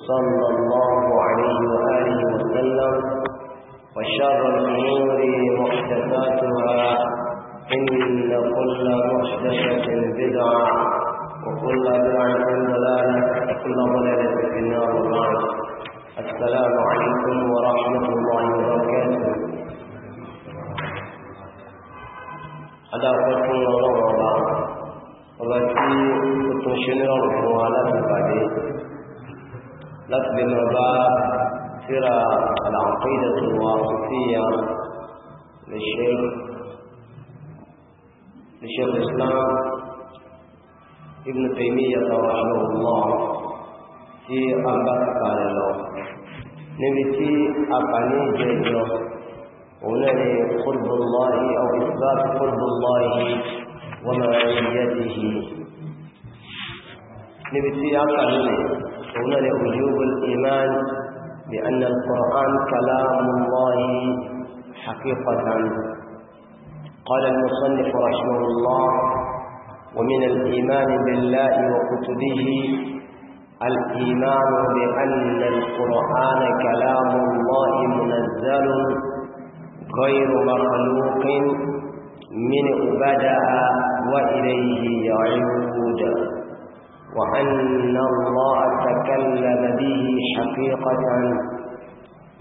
صلى الله عليه وآله وسلم وشر الأمور محدثاتها إن كل محدثة بدعة وكل بدعة ضلالة وكل ضلالة في النار وبعد السلام عليكم ورحمة الله وبركاته هذا قسم الله وبعد وبعد كنت شنو وعلى بعدين láti lè máa العقيدة الواقفية للشيخ الإسلام ابن تيمية رحمه الله في أنبات قال الله نبتي أقاني جيجو ونري قرب الله أو إثبات قرب الله ومعيته نبتي أقاني هنالك وجوب الإيمان بأن القرآن كلام الله حقيقة قال المصنف رحمه الله ومن الإيمان بالله وكتبه الإيمان بأن القرآن كلام الله منزل غير مخلوق منه بدأ وإليه يعود وأن الله تكلم به حقيقة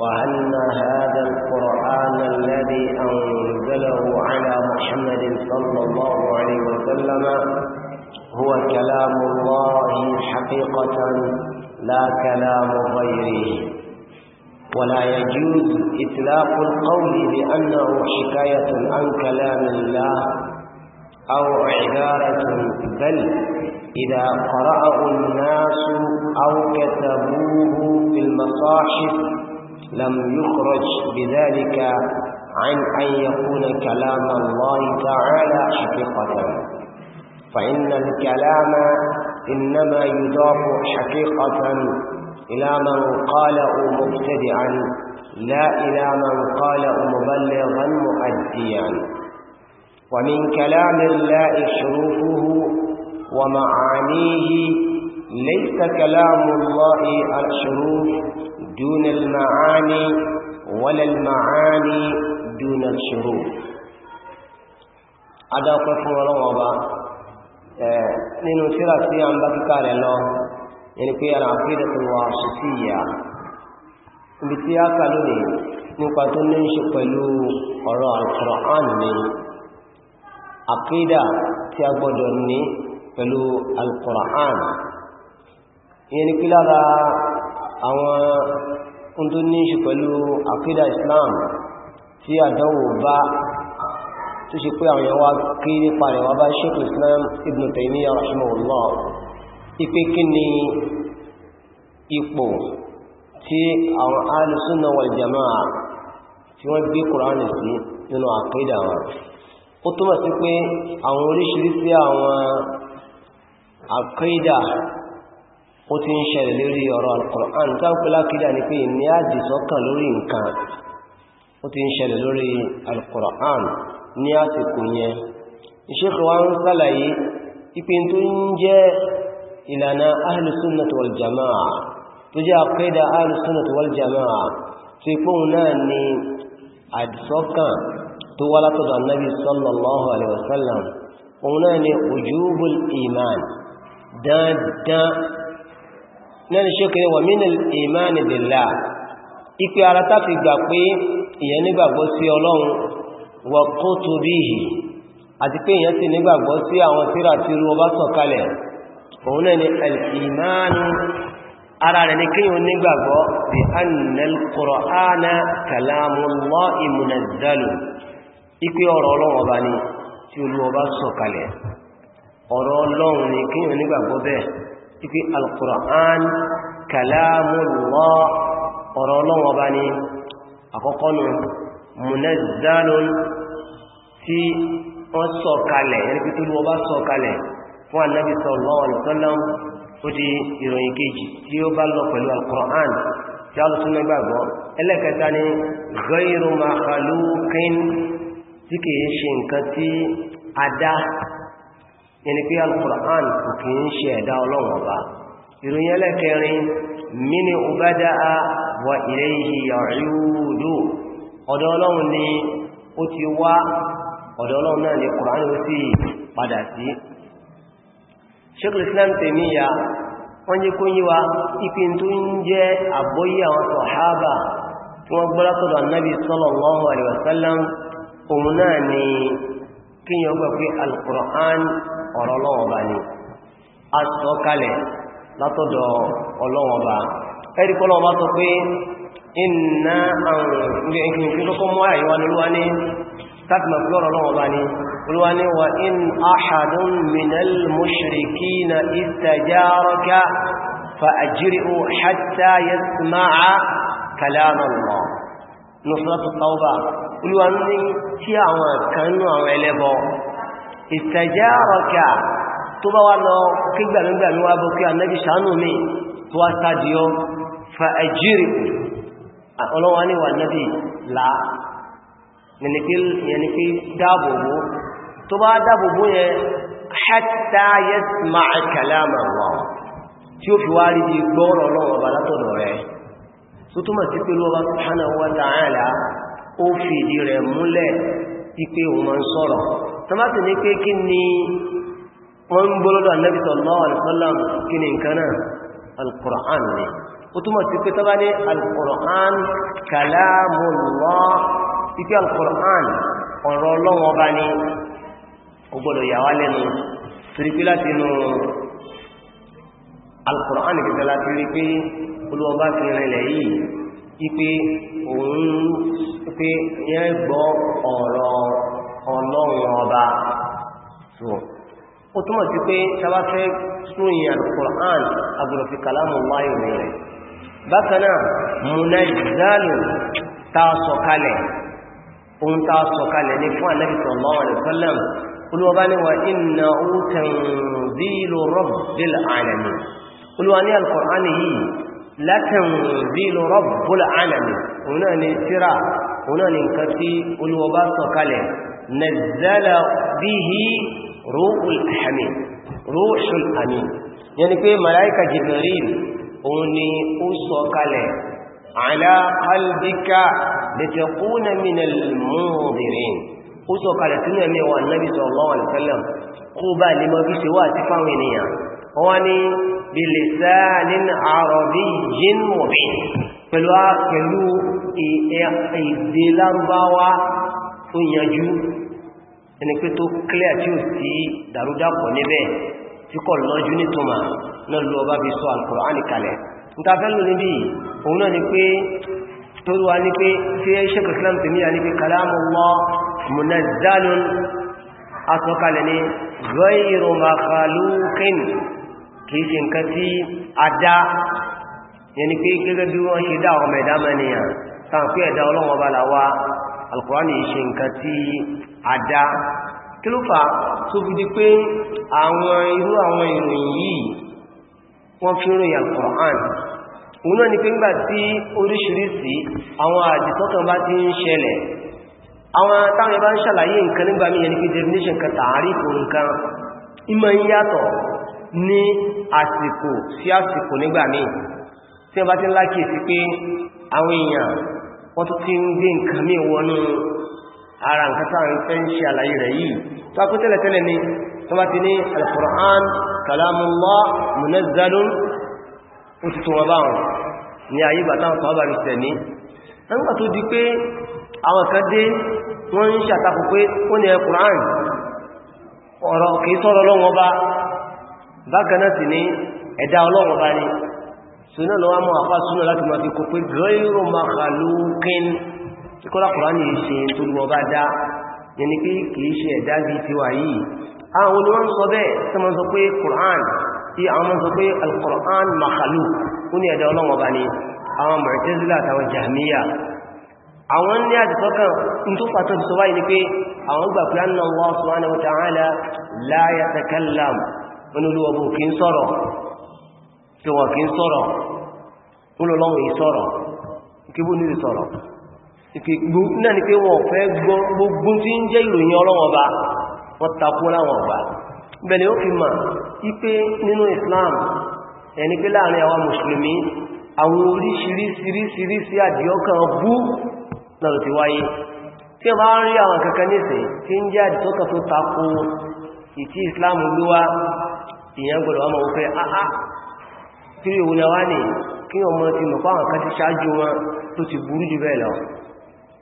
وأن هذا القرآن الذي أنزله على محمد صلى الله عليه وسلم هو كلام الله حقيقة لا كلام غيره ولا يجوز إطلاق القول بأنه حكاية عن كلام الله أو عبارة بل إذا قرأه الناس أو كتبوه في المصاحف لم يخرج بذلك عن أن يكون كلام الله تعالى حقيقة فإن الكلام إنما يضاف حقيقة إلى من قاله مبتدعا لا إلى من قاله مبلغا مؤديا ومن كلام الله شروفه ومعانيه ليس كلام الله الشروح دون المعاني ولا المعاني دون الشروح هذا قفر الله nínú síra tí a ń bá kíkà rẹ̀ lọ ẹni pé àlàáfíà tó wà sí ìyá ibi tí a kà lónìí nípa tó ní ṣe pẹ̀lú ọ̀rọ̀ Al-Qur'an ní àkídà tí a gbọ́dọ̀ ní pẹ̀lú alkùrán ìyẹn ni pí lára àwọn ohun tó ní ṣe pẹ̀lú àkídà islam tí àdánwò bá tó ṣe pé àwọn yẹnwá kí nípa rẹ̀ wá bá ṣètò islam ibn Taymiyyah rahimahullah ipé kí ni ipò tí àwọn alùsùnà wal jama'a tí wọ́n gbé kùránì sí nínú àkídà wọn ó túnmọ̀ sí pé àwọn oríṣiríṣi àwọn àkídà ó ti ń ṣẹlẹ̀ lórí ọ̀rọ̀ alkùnrán tó ń pẹ́lá kídà ní pé ní àdìsọ́kàn lórí nǹkan ó ti ń ṣẹlẹ̀ lórí alkùnrán ní àsìkò yẹn ìṣẹ́kọ̀ wá ń sálàyé ipé tó ń jẹ́ ìlànà ahlùsúnnàtò wàljamaà tó jẹ́ àkídà ahlùsúnnàtò wàljamaà tó dandan náà ni ṣókèrè wà mí ìmáni billah ipe ara tá fi gbà pé ìyẹn nígbàgbọ́ sí ọlọ́run wa kutubihi àti pé ìyẹn sì nígbàgbọ́ sí àwọn tírà tí olúwọ bá sọ̀kalẹ̀ òun náà ni al-imanu ara rẹ̀ ní kíyàn nígbàgbọ́ bí anna al-Qur'ana kalamullahi munazzalu ọ̀rọ̀ ọlọ́run ọba ni tí olúwọ bá sọ̀kalẹ̀ ọ̀rọ̀ ọlọ́run ni kí yíò nígbàgbọ́ bẹ́ẹ̀ wípé alkùrán kàlámùlọ́ ọ̀rọ̀ ọlọ́run ọba ni àkọ́kọ́ nù munazzalun tí wọ́n sọ kalẹ̀ ẹni pé tó lú ọba sọ kalẹ̀ fún anábì sallallahu alaihi wasallam ó di ìròyìn kejì tí ó bá lọ pẹ̀lú alkùrán tí a lọ tún yẹni pé al-Qur'an kò kí ń ṣe ẹ̀dá ọlọ́run ọba ìròyìn ẹlẹ́kẹrin mini ubada'a wa ilayhi ya'udu ọ̀dọ̀ ọlọ́run ni ó ti wá ọ̀dọ̀ ọlọ́run náà ni Qur'an ó sì padà sí Sheikh Islam Taymiya wọ́n jẹ́ kó yíwa ìpín tó ń jẹ́ àgbóyí àwọn sọ̀hábà tí wọ́n gbọ́lá tọ́dọ̀ annabi sallallahu alaihi wasallam òun náà ni kíyàn gbà pé al ọ̀rọ̀ ọlọ́wọ̀n ọba ni a sọ kalẹ̀ látọ̀dọ̀ ọlọ́wọ̀n ọba ẹ̀rí kọ́ lọ́wọ́ bá sọ pé iná àwọn ìgbìyànjú lọ́kọ́ mọ́ àyíwá ní olúwa ní tàbí ọ̀rọ̀ ọlọ́wọ̀n ọba ni olúwa ní wa in ahadun minal mushrikina tí àwọn kan nú àwọn ẹlẹ́bọ ìtẹ̀járọ̀kà tó bá wá lọ kígbàmígbàmí wá bó kí annabi ṣàánú mi tó wá sáàdìyọ fa'ajiri ọlọ́wà ní wà annabi la yẹni pé dáàbòbò tó bá dáàbòbò yẹ hatta yasma'a kalama Allah tí ó fi wá rí di gbọ́rọ̀ tọ́mátì ní pé kí ni wọ́n ń gbọ́lọ́dọ̀ annabi sallallahu alaihi wasallam kí ni nǹkan náà alkùrán ni ó túnmọ̀ sí pé tọ́bá ní alkùrán kalamullah ipé alkùrán ọ̀rọ̀ ọlọ́wọ́ bá ní ọgbọ́dọ̀ yà wá lẹ́nu torípé láti inú alkùrán gẹ́gẹ́ láti rí pé olúwọba fi rìnlẹ̀ yìí ipé òun pé yẹn gbọ́ ọ̀rọ̀ ọlọ́run ọba tó ó túnmọ̀ sí pé sábáfẹ́ súnyìn alukur'an agbọ̀dọ̀fi kàlámù wáyò rẹ̀ bákanáà munazalu ta sọ̀kalẹ̀ ohun ta sọ̀kalẹ̀ ní fún anabi sallallahu alaihi wasallam olùwọ́bá ní wa inna tanzilu rabbil alamin olùwà ní alukur'an yìí latanzilu rabbil alamin òun náà ni tírà òun náà nàzàlà bihi ruhul amin ruhul amin yẹni pé malaika jibril òun ni ó sọ kalẹ̀ ala qalbika litakuna minal munzirin ó sọ kalẹ̀ sínú ẹ̀mí wa nabi sallallahu alaihi wasallam kó bá lè mọ́ bí ṣe wà sí fáwọn ènìyàn pẹ̀lú èdè lámbáwá ó yanjú ẹni pé tó clear tí ó sí dàrúdàpọ̀ níbẹ̀ tí kọ̀ lọ́jú nítumà náà lọ bá fi sọ Al-Kùránì kalẹ̀ nítafẹ́ lò níbi òun náà ni pé tó wà ní pé tí ẹ ṣẹ́kọ̀ Islam tó níyà ní pé kalamullah munazzalun asọ́kalẹ̀ yẹni pé gẹ́gẹ́ bí wọ́n ṣe dá ọmọ ẹ̀dá mẹ́niyàn tàbí ẹ̀dá ọlọ́wọ́ bá làwá alkùránì ìṣe nǹkan tí a dá kí ló fà tó fi di pé àwọn irú àwọn ìròyìn yìí wọ́n fi ròyìn alkùránì òun náà ni pé ńgbà tí oríṣiríṣi àwọn àdìsọ́kàn bá ti ń ṣẹlẹ̀ àwọn táwọn ẹbá ń ṣàlàyé nǹkan nígbà mí yẹn ni pé definition kan tààrí kò nǹkan ìmọ̀ ń yàtọ̀ ní àsìkò sí àsìkò nígbà mí tí wọ́n bá ti ń lákìí sí pé àwọn èèyàn wọ́n tó ti ń gbé nǹkan mí wọnú ara nǹkan tá ń ń ṣe àlàyé rẹ̀ yìí tó a kó tẹ́lẹ̀ tẹ́lẹ̀ ni tó bá ti ní al-Qur'an kalamullah munazzalun ó ti tó wọn bá wọn ní ayé ìgbà táwọn kan bá rí sẹ̀ ní nígbà tó di pé àwọn kan dé wọ́n ń ṣàtakò pé ó ní al-Qur'an ọ̀rọ̀ kìí sọ̀rọ̀ ọlọ́wọ́ bá bákan sínú lọ wọ́n mọ́ àpá súnà láti máa fi kò pé gẹ́rù makalúkín tí kọ́lá kùránì ṣe tó lọ bá dá yẹni pé kìí ṣe ẹ̀dá bí ti wà yìí àwọn olùwọ́n sọ bẹ́ẹ̀ tí wọ́n sọ pé kùrán tí àwọn mọ́ sọ pé alkùrán makalu ó ní ẹ̀dá ọlọ́wọ́ ni kí wọ́n kí ń sọ̀rọ̀ olólọ́wọ́ ìsọ̀rọ̀ kí bó ní ìsọ̀rọ̀ náà ni pé wọ́n fẹ́ gbogbo tí ń jẹ́ ìròyìn ọlọ́wọ́ bá wọ́n takú láwọn ọ̀gbà bẹ̀lẹ̀ ó fi mà ipé nínú Islam ẹni pé láàrin àwọn mùsùlùmí àwọn shiri shiri si a bá ń rí àwọn kankan kí òun náà wá ní kí ọmọ ti mọ̀ fáwọn kan ti ṣáájú wọn tó ti burú jù bẹ́ẹ̀ lọ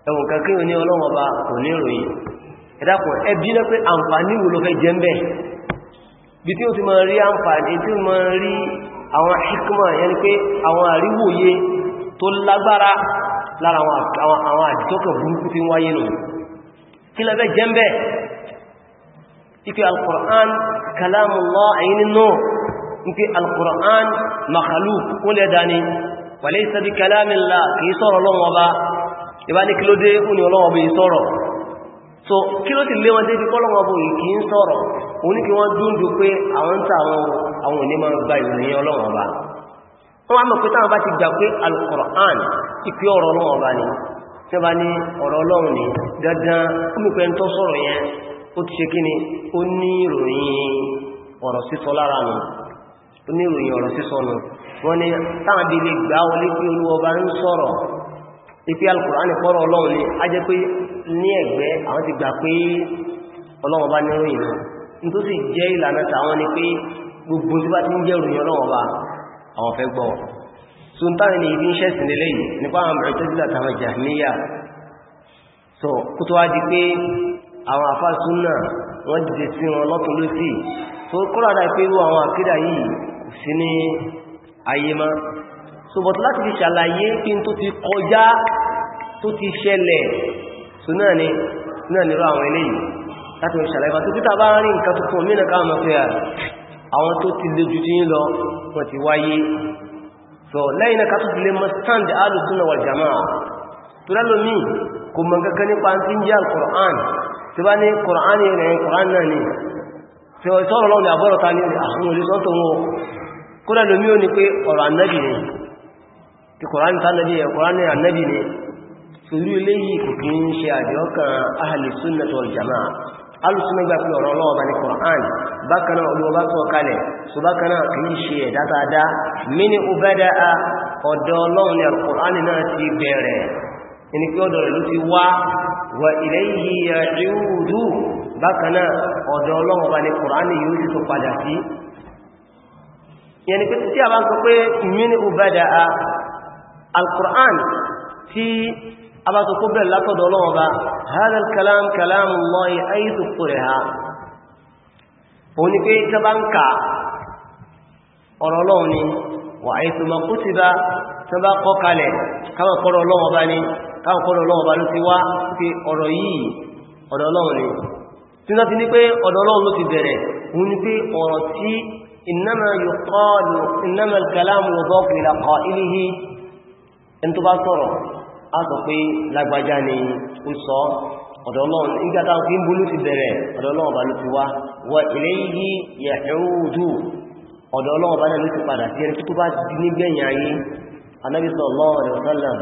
ẹ̀wọ̀n kan kí o ní ọlọ́wọ́n ọba kò ní ìròyìn ẹ̀dàkùn ẹbí lọ pé àǹfààní wo ló fẹ́ jẹ́ mbẹ̀ bí tí ó ti máa rí àǹfààní tí ó máa rí àwọn hikma yẹni pé àwọn àríwòye tó lágbára lára àwọn àdìtọ́kẹ̀ al-Qur'an kalamullah ayni nur nke alkur'an makhluk kún lè dání wàlé ìsẹ́bí kalamillah kìí sọ̀rọ̀ lọ́wọ́ bá ìbá ní kílódé òní ọlọ́wọ́ bí sọ̀rọ̀ so kí ló ti lé wọn débi kọ́lọ́wọ́ bó yìí kìí sọ̀rọ̀ òní kí wọ́n dúndú pé àwọn ń tàwọn àwọn òní máa gba ìròyìn ọlọ́wọ́ bá wọ́n wá mọ̀ pé táwọn bá ti gbà pé alkur'an ìpí ọ̀rọ̀ ọlọ́wọ́ bá ni tí wọ́n bá ní ni dandan olùpẹ́ ń tọ́ sọ̀rọ̀ yẹn ó ti ṣe kí ni ó ní ìròyìn ọ̀rọ̀ sísọ lára nù oníròyìn ọ̀rọ̀ sísọnù wọ́n ni táwọn bí lè gbá wọlé pé olúwọba ń sọ̀rọ̀ ipé alkùránì pọ́rọ̀ ọlọ́run ni a jẹ́ pé ní ẹgbẹ́ àwọn ti gbà pé ọlọ́run bá níròyìn náà tó sì jẹ́ ìlànà tàwọn ni pé gbogbo tí bá ti ń jẹ́ ìròyìn so wọ́n dìde sí wọn lọ́tún lósì tó kọ́lá dá pé irú àwọn àkídà yìí kò sí ní ayé mọ́ so but láti fi ṣàlàyé kí n tó ti kọjá tó ti ṣẹlẹ̀ so náà ni náà nírú àwọn eléyìí láti fi ṣàlàyé bá tó títà bá rí nǹkan tuntun mí náà káwọn fẹ́ àwọn tó ti le jù yín lọ wọ́n ti wáyé so lẹ́yìn náà ká tó ti lè mọ stand alùsùn náà wal jamaa tó lálómi kò mọ̀ kankan nípa ti ń jẹ́ al-Qur'an tí bá ní kùránì rẹ̀ kùránì náà tí ó sọ́rọ̀ lọ́nà àbọ́rọ̀ ta ní àwọn olùsọ́tọ̀ wọn kúrẹ̀ lómí ó ní pé ọ̀rọ̀ annabi ni tí kùránì tánàbí ẹ̀ kùránì annabi ni torí ilé yìí kò kí ń ṣe jamaa ẹni pé ọ̀dọ̀ rẹ̀ ló ti wá wà ilayhi yaʿūdu bákanáà ọ̀dọ̀ ọlọ́wọ́ bá ní kùránì yóò sì tó padà sí yẹni pé tí a bá ń sọ pé min bada'a al-Qur'an tí a bá sọ kó bẹ̀rẹ̀ látọ̀dọ̀ ọlọ́wọ́ bá hadha káwọn kọ́ lọ́wọ́ bá ló ti wá pé ọ̀rọ̀ yìí ọ̀dọ̀ ọlọ́run rẹ̀ tí wọ́n ti ní pé ọ̀dọ̀ ọlọ́run ló ti bẹ̀rẹ̀ òun ni pé ọ̀rọ̀ tí innama yuqalu innama al-kalamu yudafu ila qa'ilihi ẹni tó bá sọ̀rọ̀ á sọ ọ̀dọ̀ ọlọ́run nígbà náà ló ti padà sí ẹni tó bá di nígbẹ̀yìn ayé anábì sallallahu alaihi wasallam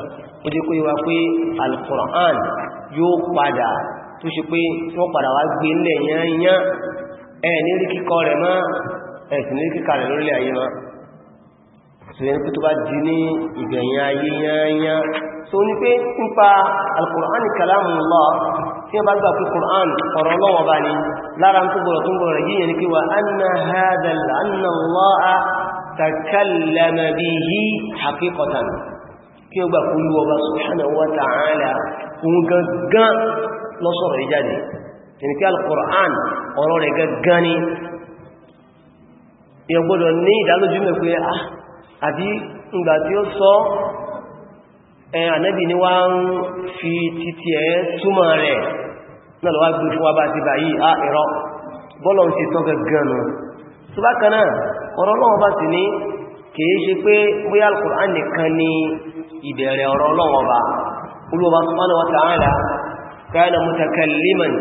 ó jẹ́ kó yíwa pé al-Qur'an yóò padà tó ṣe pé wọ́n padà wá gbé ńlẹ̀ yányán ẹ̀ ní rí kíkọ rẹ̀ mọ́ ẹ̀ sì ní rí kíkà rẹ̀ lórílẹ̀ ayé mọ́ sọ̀rọ̀ pé tó bá di ní ìgbẹ̀yìn ayé yányán so ní pé nípa al-Qur'an kalamullah tí wọ́n bá gbà pé Qur'an ọ̀rọ̀ ọlọ́wọ́ bá takallama bihi haqiqatan kí ó gbà kúlú ọba subhanahu wa ta'ala ohun gangan lọ́sọ̀rọ̀ ìjáde yìí kí al-Qur'an ọ̀rọ̀ rẹ̀ gangan ni yẹ gbọ́dọ̀ ní ìdálójú mẹ́ pé àbí ìgbà tí ó sọ ànábì ni wá ń fi títí ẹ̀ túmọ̀ rẹ̀ ọ̀rọ̀ Ọlọ́run bá sì ní kìí ṣe pé bóyá Al-Qur'an nìkan ni ìbẹ̀rẹ̀ ọ̀rọ̀ Ọlọ́run bá olùwọ́ba subhanahu wa ta'ala kana mutakalliman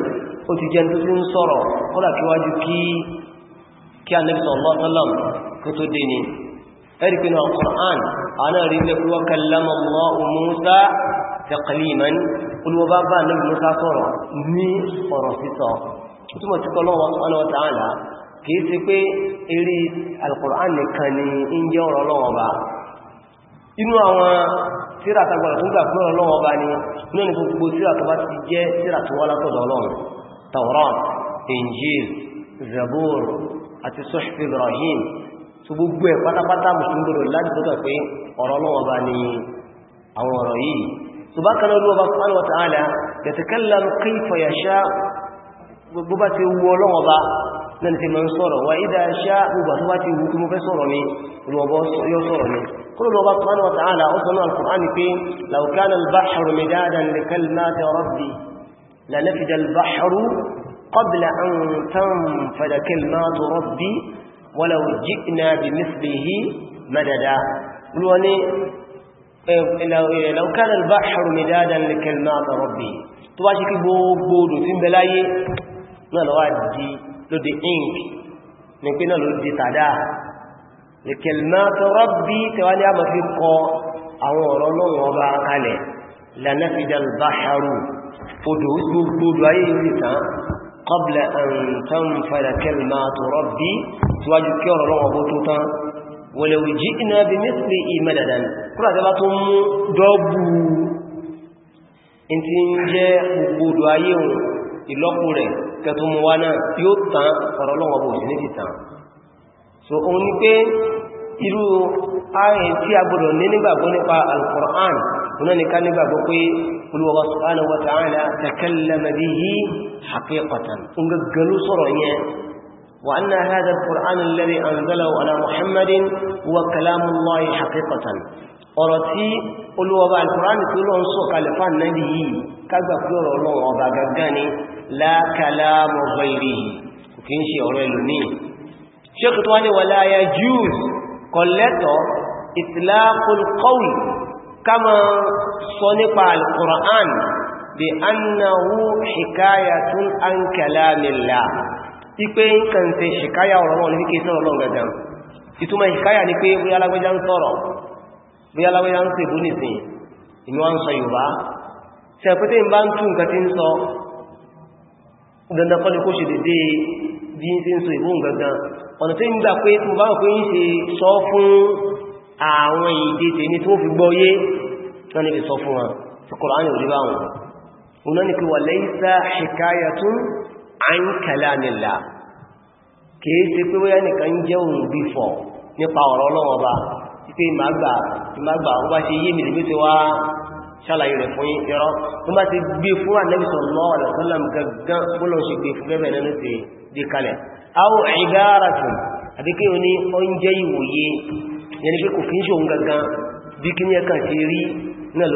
ó ti jẹ́ tó ti ń sọ̀rọ̀ kọ́lá kíwájú kí kí a nẹ́bí sallallahu alaihi wasallam kó tó dé ni ẹ̀rí pínú Al-Qur'an àná rí kìí sí pé eré alkùnrán nìkan ni ń jẹ́ ọ̀rọ̀ Ọlọ́run Ọba inú àwọn tíràtàgbàrà tó gbà fún Ọlọ́run Ọba ni inú ní gbogbo tíràtàbà ti jẹ́ tíràtàwà látọ̀dọ̀ Ọlọ́run Tawrat, Injil, Zabur àti Suhuf Ibrahim tó gbogbo ẹ̀ pátápátá mùsùlùmí láti tó bá kan lọ́wọ́ subhanahu wa bá ti wù Ọlọ́run Ọba náà ti mọ̀ ń sọ̀rọ̀ wà ìdá ṣá gbogbo àtúwá ti wù kí mo soro wa ida sa gbogbo wa sọ̀rọ̀ mi olùwọ̀bọ̀ yóò sọ̀rọ̀ mi kúrò lọ́wọ́ sọ́nà wata àlà ó sọ́nà alkùnrin pé laukana albaharu mai midadan da kalmata rabbi la nafida albaharu qabla an tanfada kalmata rabbi wa law ji'na bi mithlihi madada wani laukana albaharu mai dáadáa da kalmata rabbi tó bá shi kí bo bo do tin belaye na lo wa di ló di ink ní pé náà ló di tàdá ìkẹlmẹ́tò rọ́bí tẹwàá ní a máa fi kọ àwọn ọ̀rọ̀ lọ́wọ́ ọba kalẹ̀ lànàfidà báṣarù odò gbogbo ayé ìrìn tán qabla an tanfada kalimatu rabbi síwájú kí ọ̀rọ̀ lọ́wọ́ bó tó tán ìlọ́pù rẹ̀ nǹkan tó mú wá náà yóò tán ọ̀rọ̀ bò sí ní tán so òun ni pé irú ààrin tí a gbọdọ̀ ní nígbàgbọ́ nípa al-Qur'an wọn ni ká nígbàgbọ́ pé olúwa subhanahu wa وأن هذا القرآن الذي أنزله على محمد هو كلام الله حقيقة ọ̀rọ̀tí olúwọba al-Qur'an tí olóhun sọ kalẹ̀ fà náà yìí kágbà la kalamu ghayrihi kò kí ń ṣe ọ̀rọ̀ ẹlòmíì ṣékù tó wá ní wala yajuz kọlẹ́tọ̀ itlaqul qawl kama sọ nípa al-Qur'an bí annahu hikayatun an kalamillah ipe ń kàn ṣe hikaya ọ̀rọ̀ wọn ní kí sọ́rọ̀ lọ́n gangan ìtumọ̀ hikaya ni pé bí alágbẹ́já ń ń tún nǹkan tí ń sọ dandan kọ́ ni kó ṣe dédé bí n tí ń so ìbóhùn gangan ọ̀nà tí ń gbà pé tí mo bá wọ́n pé ń ṣe sọ fún àwọn ìdè tèmi tó fi gbọ́ yé náà ní sọ fún wọn tí Kùránì ò rí bá wọn òun ní pé wà laysa hikayatun an kalamillah kìí ṣe pé wọ́n yá nìkan jẹ́ òun bí fọ̀ nípa ọ̀rọ̀ ọlọ́wọ́ ba pé ìmàgbà ìmàgbà ó bá ṣe yé mi lè ṣàlàyé rẹ̀ fún ìrọ́ tó bá ti gbé fún Ànábì sallallahu alaihi wasallam gangan bọ́lọ̀ ṣe gbé fún bẹ́bẹ̀ nínú ti di kalẹ̀ awọ ìgáratùn àbíkẹ́ òní oúnjẹ ìwòye yẹni pé kò fi ń ṣe òun gangan bí kí ní ẹ̀kà ti rí náà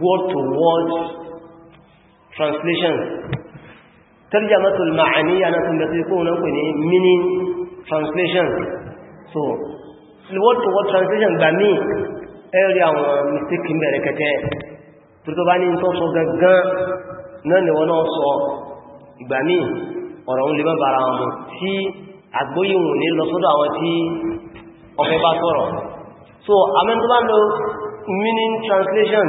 word to word translations tarjamatul ma'aniya na tun da sai ko nan ko ni meaning translation so word to word translation gba mi eri àwọn mistake in bẹ̀rẹ̀ kete to ba ni to so gangan na ni wọ́n so. ìgbà mi ọ̀rọ̀ un lè má bara wọn tí agboyin wọn ni lọ sọ́dọ̀ àwọn tí ó fẹ́ bá sọ̀rọ̀ so amen to ba lo meaning translation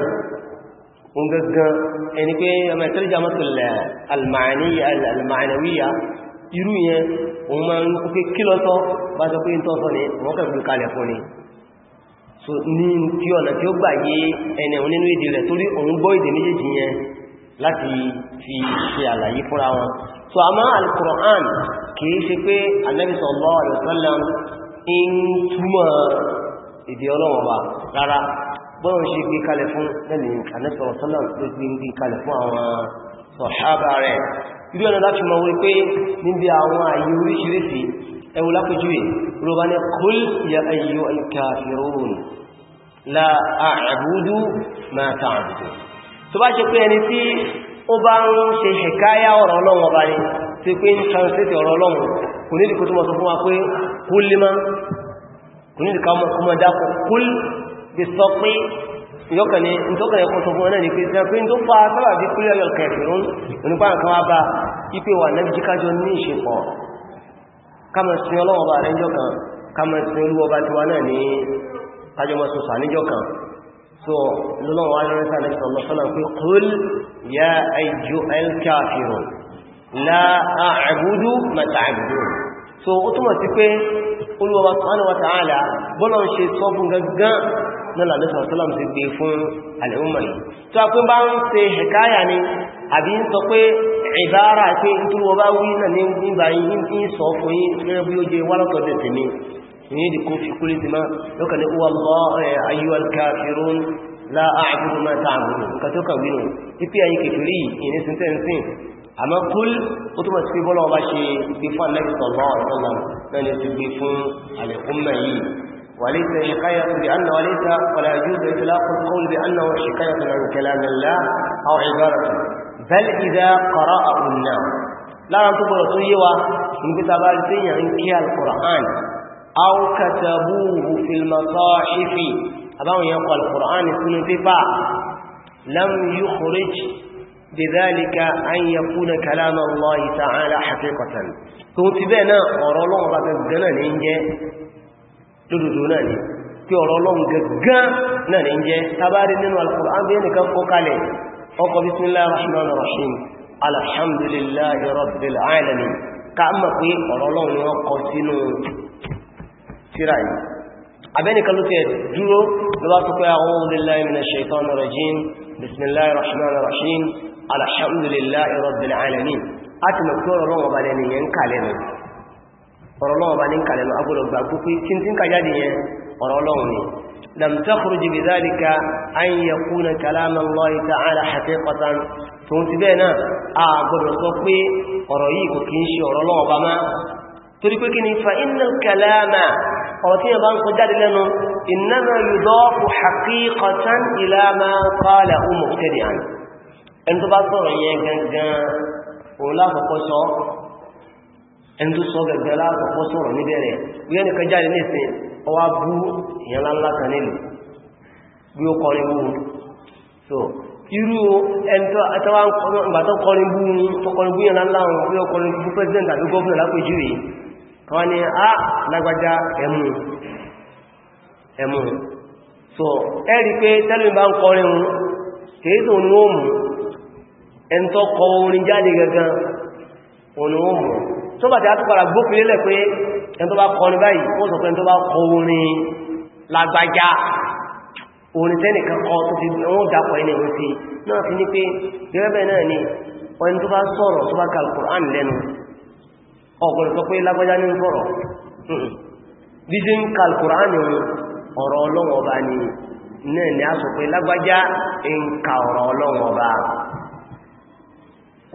òun gangan ẹni pé ọmọ ìtẹ́lẹ̀jà mọ́tòlẹ̀ alìmàníyà irú yẹn òun máa ń kó pé kí lọ́tọ́ bá sọ pé ń tọ́sọ́ ni wọ́n kẹ̀kùn kalẹ̀ fún ni so ọ̀nà tí ó gbà ẹni òun nínú èdè rẹ̀ torí òun gbọ́ èdè méjèèjì yẹn láti fi ṣe àlàyé fúnra wọn so àmá al-Qur'an kìí ṣe pé Ànábì sallallahu alaihi ń túmọ̀ èdè ọlọ́wọ̀n wa rárá bọ́rọ̀ ṣe gbé kalẹ̀ fún lẹ́nu ànẹ́sọ̀rọ̀ sọ́lá ló gbé gbé kalẹ̀ fún àwọn sọ̀hábà rẹ̀ irú ọ̀nà láti mọ̀ wípé níbi àwọn ààyè oríṣiríṣi ẹwù lápẹjúwe rọba ní kúl ya ayyo alkafirun la a'budu bí sọ pé ìyọ́kàn ni ìtọ́kàn ẹ̀kọ́ sọ fún ọ̀nà ní pé ṣẹ́pẹ́ tó fa sábà bí kúrẹ́ ọ̀yọ̀ kẹfìrún onípa nǹkan wá bá ipé wà náà jíkájọ ní ìṣepọ̀ kàmọ̀ sí ọlọ́wọ́ bá rẹ̀ níjọ́ so lọ́lọ́wọ́ alẹ́rẹ́sà ní sọ̀lọ́ sọ́nà pé kúl ya so ó túmọ̀ sí pé olúwọ́ bá sọ́nà wa ta'ala bọ́lọ̀ nílà ní sàtọ́làm ti gbé fún alẹ́wọ̀mọ̀ yìí tó a pín bá ń ṣe hekaya ni àbí ń sọ pé ìbára pé nítorí ọba wí náà ní ìgbà yìí ń sọ fún yín gẹ́gẹ́ bí ó jẹ wá lọ́tọ̀ tẹ̀ tẹ̀mí ìyẹn di kó fi kúlé ti máa lọ́kàn ní wà lọ́ ayyuhal kafirun la a'budu ma ta'budun nǹkan tó àmọ́ kúl ó túnmọ̀ sí pé bọ́lá ṣe gbé fún alẹ́kìtọ̀ lọ́wọ́ ìtọ́lọ́ náà ni ti gbé fún alẹ́kùnmọ̀ yìí وليس حكاية بأن وليس ولا يجوز إطلاق القول بأنه حكاية عن كلام الله أو عبارة بل إذا قرأه الناس لا تقول طيوة من كتابات عن القرآن أو كتبوه في المصاحف أبو يقوى القرآن الانتفاع لم يخرج بذلك أن يكون كلام الله تعالى حقيقة ثم تبين أرى الله بعد الجنة lódòdó náà ni tí ọ̀rọ̀ ọlọ́run gẹ̀gán náà ní jẹ́ tàbárí nínú Al-Qur'an bí ẹnìkan kó kalẹ̀ ọkọ̀ bismillahir rahmanir rahim alhamdulillahi rabbil alamin ká mọ̀ pé ọ̀rọ̀ ọlọ́run ni wọ́n kọ sínú tírà yìí abẹ́nìkan ló ọ̀rọ̀ lọ́wọ́ bá ní kàlẹ̀ lọ agbọ́dọ̀ gbà púpí tí tí ń ka jáde yẹn ọ̀rọ̀ lọ́wọ́ ni lam takhruj bi dhalika an yakuna kalam Allah ta'ala haqiqatan tó ń ti bẹ́ẹ̀ náà a gbọ́dọ̀ sọ pé ọ̀rọ̀ yìí kò kí ń ṣe ọ̀rọ̀ ẹni tó sọ gẹ̀gẹ̀ láàpọ̀ sọ̀rọ̀ níbẹ̀rẹ̀ bí ẹni kan jáde nísìn ọwá bú èèyàn láńlá kan bí ó kọrin bú so irú ẹni tó kọrin bú tó kọrin bú yẹn láńlá wọn bí ó kọrin bú president àbí gọ́ọ̀fún ni a lágbájá ẹmú ẹmú so ẹ̀rí pé tẹ́lẹ̀ bá ń kọrin wọn kìí tó ní ó tó bá ti àtúkọ̀lá gbófin lélẹ̀ pé ẹn tó bá kọrin báyìí wọ́n sọ pé ẹn tó bá kọ orin lágbàjá orin tẹ́nìkan kọ tó ti wọ́n dàpọ̀ ẹni ìwé sí náà fi ní pé gẹ́gẹ́bẹ̀ náà ni ẹni tó bá sọ̀rọ̀ tó bá kàlùkù án lẹ́nu ọkùnrin sọ pé lágbàjá ní sọ̀rọ̀ dídí ń kàlùkù án ni ọ̀rọ̀ ọlọ́wọ̀ ọba ni náà ni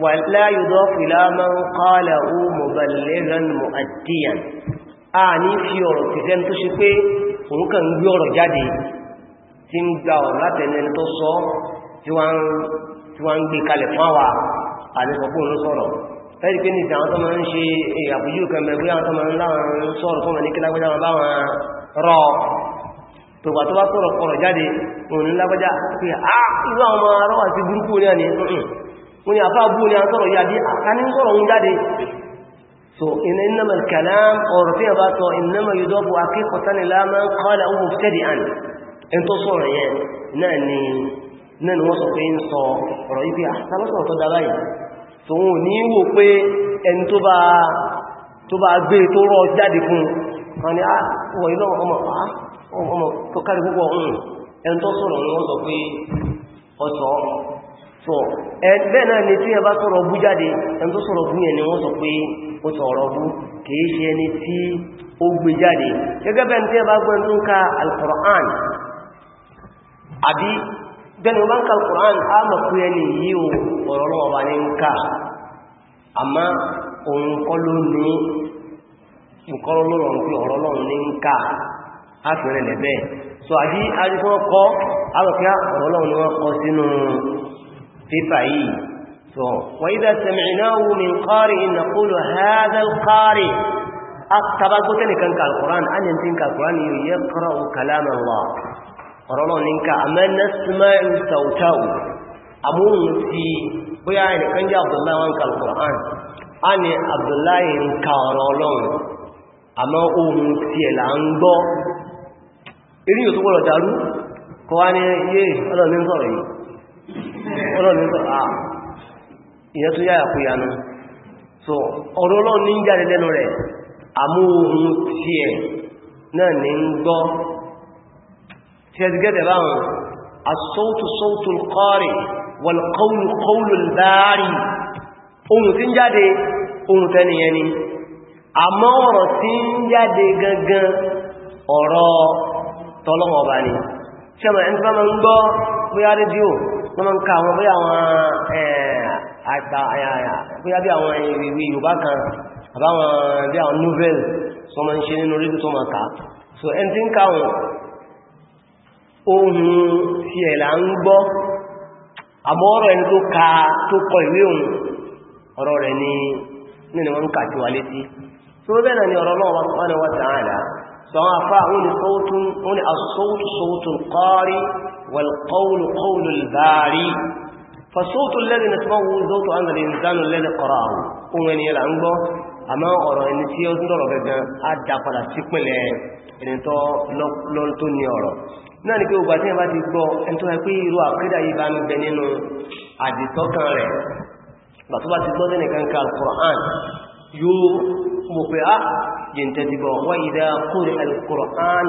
ولا يضاف إلى من قاله مبلغا مؤديا àní fi ọ̀rọ̀ tìfẹ́ni tó ṣe pé òun kàn ń gbé ọ̀rọ̀ jáde tí ń gba ọ̀rọ̀ látẹnẹni tó sọ tí wọ́n ń gbé kalẹ̀ fún àwà àdẹ́sọ̀kún ló sọ̀rọ̀ wọ́n ni àfá bú ní a sọ́rọ̀ yàdí àkání sọ́rọ̀ ń jáde so iná innama al-kalam ọ̀rọ̀ tí a bá sọ innama yudafu haqiqatan ila man qalahu mubtadi'an in tó sọ́rọ̀ yẹn náà ni wọ́n sọ pé ń sọ ọ̀rọ̀ ibi àtàlọ́sọ̀rọ̀ ah, so wọn ní wò pé ẹni tó bá gbé e tó rọ jáde fún wọn ni wọ̀ iná ọmọ tó kárí so ẹgbẹ́ náà ni tí ẹ bá sọ̀rọ̀ bú jáde ẹni tó bú yẹn ni wọ́n sọ pé ó sọ̀rọ̀ bú kìí ṣe ẹni tí ó gbé jáde gẹ́gẹ́ bẹ́ẹ̀ tí ẹ bá ń ka alkùrán àbí bẹ́ẹ̀ni wọ́n ka alkùrán á mọ̀ pé ẹni yìí ò ọ̀rọ̀ ní ń àmá òun kọ́ ló ní pépà yìí so wàídà sami'nahu min qari'in naqulu hadha al-qari àtàbàgbó tẹ́nìkan ka al-Qur'an an yẹn tí ń ka al-Qur'an yìí yaqra'u kalam Allah ọ̀rọ̀lọ́ ní ká àmẹ́ nasma'u sawtahu amóhun ti bóyá ẹnìkan jẹ́ Abdullahi wọn ka al-Qur'an a ni Abdullahi ń ka ọ̀rọ̀ Ọlọ́run àmọ́ ohun ti ẹ̀là ń gbọ́ eré yóò tó gbọ́dọ̀ dárú kọ́ wá ní yé Ọlọ́run ń sọ̀rọ̀ yìí ọlọ́ni à ah, ìyẹ́ tó yáyà kú yanu so ọ̀rọ̀ ọlọ́run ní jáde lẹ́nu rẹ̀ àmú tí ẹ̀ náà ní ń gbọ́ tí ẹ ti báhùn asọ́tù sọ́tù ohun tí ohun tí gangan ṣẹ́mọ̀ ẹni tí wọ́n máa ń gbọ́ bóyá rédíò wọ́n máa ń ka àwọn bóyá àwọn àgbà ya bí àwọn ìwé yorùbá kan àbáwọn bí àwọn novel sọ máa ń ṣe nínú orí tó máa kà so ya tí ń ka ya ohun tí ẹ̀ ya ń gbọ́ àmọ́ ọ̀rọ̀ ẹni tó ka tó kọ ìwé òun ọ̀rọ̀ rẹ̀ ni nínú wọn wà létí tó bẹ́ẹ̀ náà ni ọ̀rọ̀ náà sọ àwọn afá òun ni kọ́rí والقول قول الباري فصوت الذي نسمعه صوت أن الإنسان الذي قرأه أمني الأنبو أما ọ̀rọ̀ ẹni tí ó sọ̀rọ̀ gẹ́gẹ́ á dá padà sípìnlẹ̀ ẹni tó lọ́n tó ní ọ̀rọ̀ náà ni pé ògbà tí ẹ bá ti gbọ́ ẹni tó ẹgbẹ́ irú àkídà yìí bá ń bẹ nínú àdìsọ́kàn rẹ̀ gbà tó bá ti gbọ́ sínú kankan al-Qur'an yóò mọ̀ pé á jẹ́ ń tẹ́tí gbọ́ wáyé dá kúrò al-Qur'an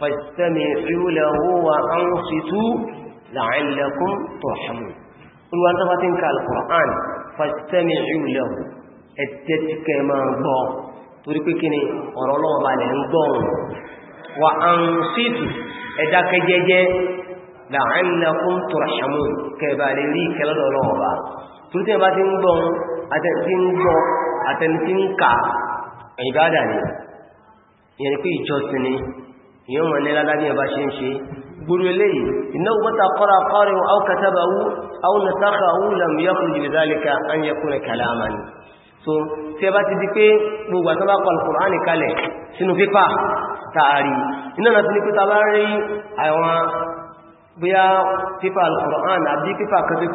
فَاسْتَمِعُوا لَهُ وَأَنْصِتُوا لعلكم تُرْحَمُونَ قل وأنت فاتنك القرآن فاستمعوا له اتتك ما ضع ترككني ورلو بالهم ضع وأنصتوا إذاك ججي لعلكم ترحمون كبالي كلا لوبا تركني باتن ضع أتنتين ضع أتنتين كا عبادة يعني في جسني èyàn mọ̀ ní ládá bí ọba ṣe ń ṣe gbúrú eléyìí iná gbọ́ta kọ́ra kọ́rin aukatabawu aunasáka wulam yakun jìlìdálika an yakun kalama ni so tí ẹ bá ti di pé gbogbo àtọ́bá kọlùkùránì kalẹ̀ sínú pípà tààrí iná na ti ní pípa bá rí àwọn bóyá pípa alkùránì àbí pípa kẹfí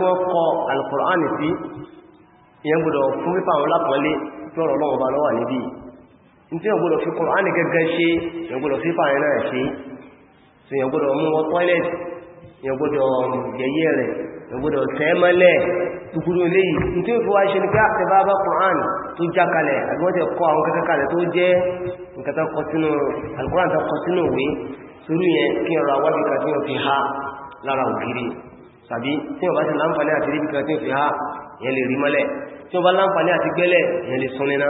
tí ó gbọ́dọ̀ fi Kùránì gẹ́gẹ́ ṣe yẹn gbọ́dọ̀ fi fààrin náà ṣe so yẹn gbọ́dọ̀ mú wọ toilet yẹn gbọ́dọ̀ yẹyẹ rẹ̀ yẹn gbọ́dọ̀ tẹ́mọ́lẹ̀ tukuru eléyìí tí ó fi wá ṣe ní pé àtẹ́bá bá Kùránì tó já kalẹ̀ àbí wọ́n ti kọ́ àwọn kẹ́kẹ́ kalẹ̀ tó jẹ́ nǹkan tó kọ Al-Kùránì tó kọ sínú òwe torí yẹn kí ọ̀rọ̀ àwọ́bì kan tí wọ́n fi há lára ògiri tàbí tí wọ́n bá ti láǹfààní àti ríbi kan tí wọ́n fi há yẹn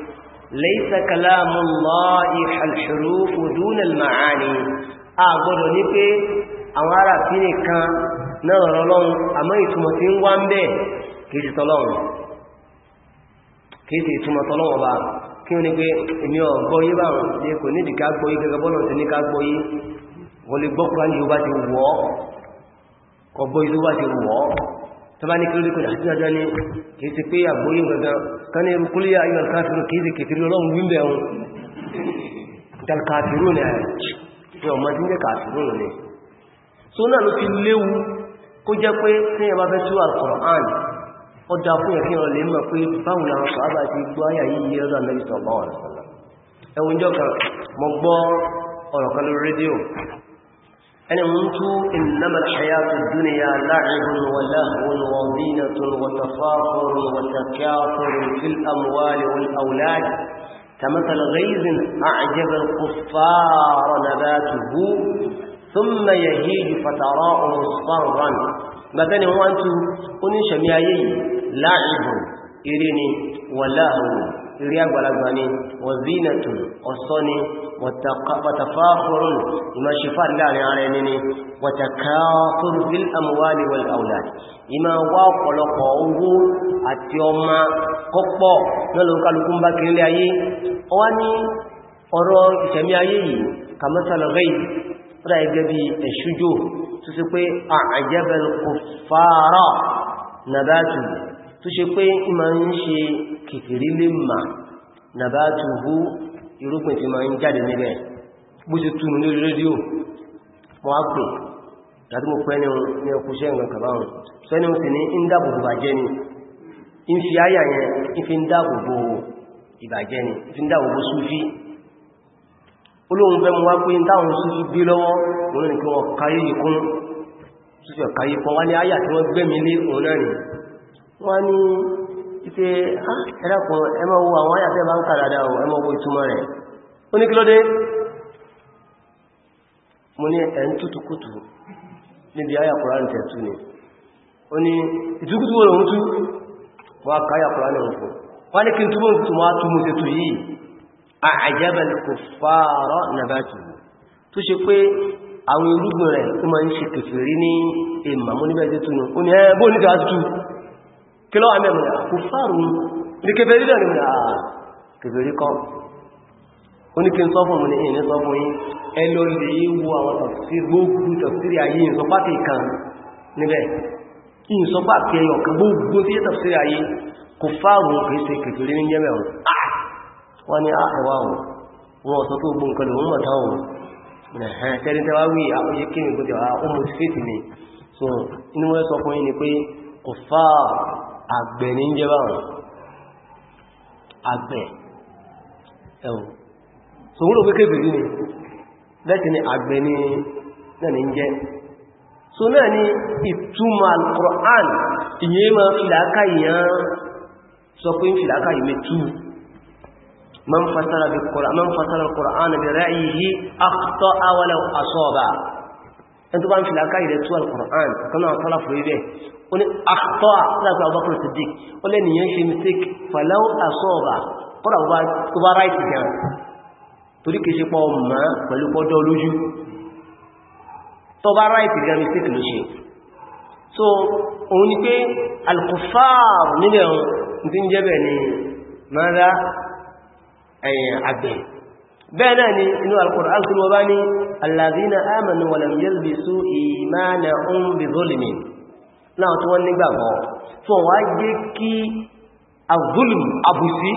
ليس كلام الله الحروف دون المعاني اغبر ní pé àwọn ará fi nìkan na Ọlọ́run àmọ́ ìtumọ̀ tí ń wà ńbẹ̀ kìí ṣe t'Ọlọ́run kìí ṣe ìtumọ̀ t'Ọlọ́run ba kí ó ní pé èmi ò gbọ́ yé bá wọn ṣe kò ní dìka gbọ́ yé gẹ́gẹ́ bọ́lọ̀ tí ní ká gbọ́ yé wọ́n lè gbọ́ kúránì yóò bá ti wọ́ kọ gbọ́ yé tó bá ti wọ́ tọba ní kílódé kò dájú dájú ní kìí ti pé àgbóyìn gangan kan ní ìrùkúlé ayọ̀ alkáfirú kìí ti kìtìrí ọlọ́run wíńbẹ̀ ya dalkafirú ní ààrẹ tí ọmọ tí ń jẹ́ kàfirú ní so náà ló fi léwu kó jẹ́ ọ lè mọ̀ pé báwọn làwọn sọ̀rọ̀ ti gbọ́ àyà yìí yẹ lọ́dọ̀ àmẹ́rìsọ̀ bá ọ̀rọ̀ ẹ̀wọ̀n mo أنا منت إنما الحياة الدنيا لعب ولهو وضينة وتفاخر وتكاثر في الأموال والأولاد كمثل غيظ أعجب الكفار نباته ثم يهيج فتراه مصفرا مثلا هو أنت أنشم يا لعب إرني ولهو eré àgbàlagbà ni wọ́n zínàtù ọ̀sọ́ ni wàtàfáàkùrùn ìmá ṣefà láàrin ara ẹni ni wàtàkàáfùrù fil amwali wal aulad ìmá wá ọ̀pọ̀lọpọ̀ owó àti ọmọ kọ́pọ̀ lọ́lọ́ kálukú bá kiri ayé ọwá ní tó ṣe pé ìmọ̀ ń ṣe kìkìrí lè mà nàbá tuhu irúgbìn tí ma ń jáde níbẹ̀ bó ṣe túnmù ní rédíò wọ́n á pè tàbí mo pẹ́ ní ọkùnṣẹ́ ìrìn kàbáhùn sẹ́ni ó sì ní ń dáàbòbò bàjẹ́ ni ń fi áyà yẹn ń fi ń dáàbòbò ni ń fi ń dáàbòbò súfí olóhun fẹ́ mú wá pé ń táwọn súfí lọ́wọ́ òun nìkan ọ̀káyé yìí kún súfí ọ̀káyé kan wá ní áyà tí wọ́n gbẹ́mi lé òun náà wọ́n ní ipe ẹ̀dàkùn ẹmọ owó àwọn ayàfẹ́ bá ń kàràdà ẹmọ owó ìtumọ̀ rẹ̀ ó ní kí ló dé mo ní ẹ̀ ń tútukútù níbi ayàkùnrin tẹ̀tù ni o ní ìtukútù wọ́n lòun tú wọ́n ká ayàkùnrin lòun fún wọ́n ní kí n túmọ̀ túmọ̀ túmọ̀ tẹ̀tù yìí àjẹ́bẹ̀ kò fàárọ̀ nàbàtù tó ṣe pé àwọn irúgbìn rẹ̀ tó máa ń ṣe kèfèrí ní èèmà mú níbẹ̀ tẹ̀tù ni ó ní ẹ bóníkà tú kí lọ́ àmì ẹ̀mọ̀ kò fàárù ní kẹfẹ̀rí dẹ̀ nìmọ̀ àà ah, kẹfẹ̀rí kọ́ ó ní kí n sọ fún mi ní sọ fún yín ẹ lọ lè wo àwọn gbogbo tafsiri ayé ìsọpáti kan níbẹ̀ ìsọpáti ẹyọ kan gbogbo tí tafsiri ayé kò fàárù kìí ṣe kẹfẹ̀rí ní jẹ́mẹ̀ ah! wọn ni àkọwà ah, wọn sọ tó gbogbo nǹkan lòun mọ̀ tán wọn tẹ́rin so inú wọn sọ àgbẹ̀ ní jẹ́ báwọn àgbẹ̀ ẹ̀wọ̀n tó wúrò pé kébìrí ni lẹ́tì ni àgbẹ̀ ní náà ní jẹ́ so náà ni ìtumọ̀ al-Qur'an ìyẹ́ ma fìlàkà ìyàn sọ pé fìlàkà ìmẹ́ tú man fasara al-Qur'an bi raihi akhta'a wa law asaba ẹni tó bá ń fìlàkà ìrẹ́ al-Qur'an kanáà tọ́lá fòrí bẹ́ẹ̀ ó ní àkọ́tọ́ àtúrà Abubakar Siddiq ó lé nìyẹn ṣe mistake falau asọ́ọ̀bà kọ́nà tó bá ráìtì gan torí kìí ṣe pọ̀ mọ́ pẹ̀lú pọ́jọ́ lójú tó gan mistake ló ṣe so òun ni pé al-kuffar nílẹ̀ ohun tí ń jẹ́ bẹ̀ ni mọ́ra ẹ̀yìn àgbẹ̀ bẹ́ẹ̀ náà ni inú al alkùnrin wọ́n bá ní alladhina amanu wa lam yalbisu imanahum bi dhulmin láwọn tí wọ́n nígbàgbọ́ tó wá yé kí azulm abùsí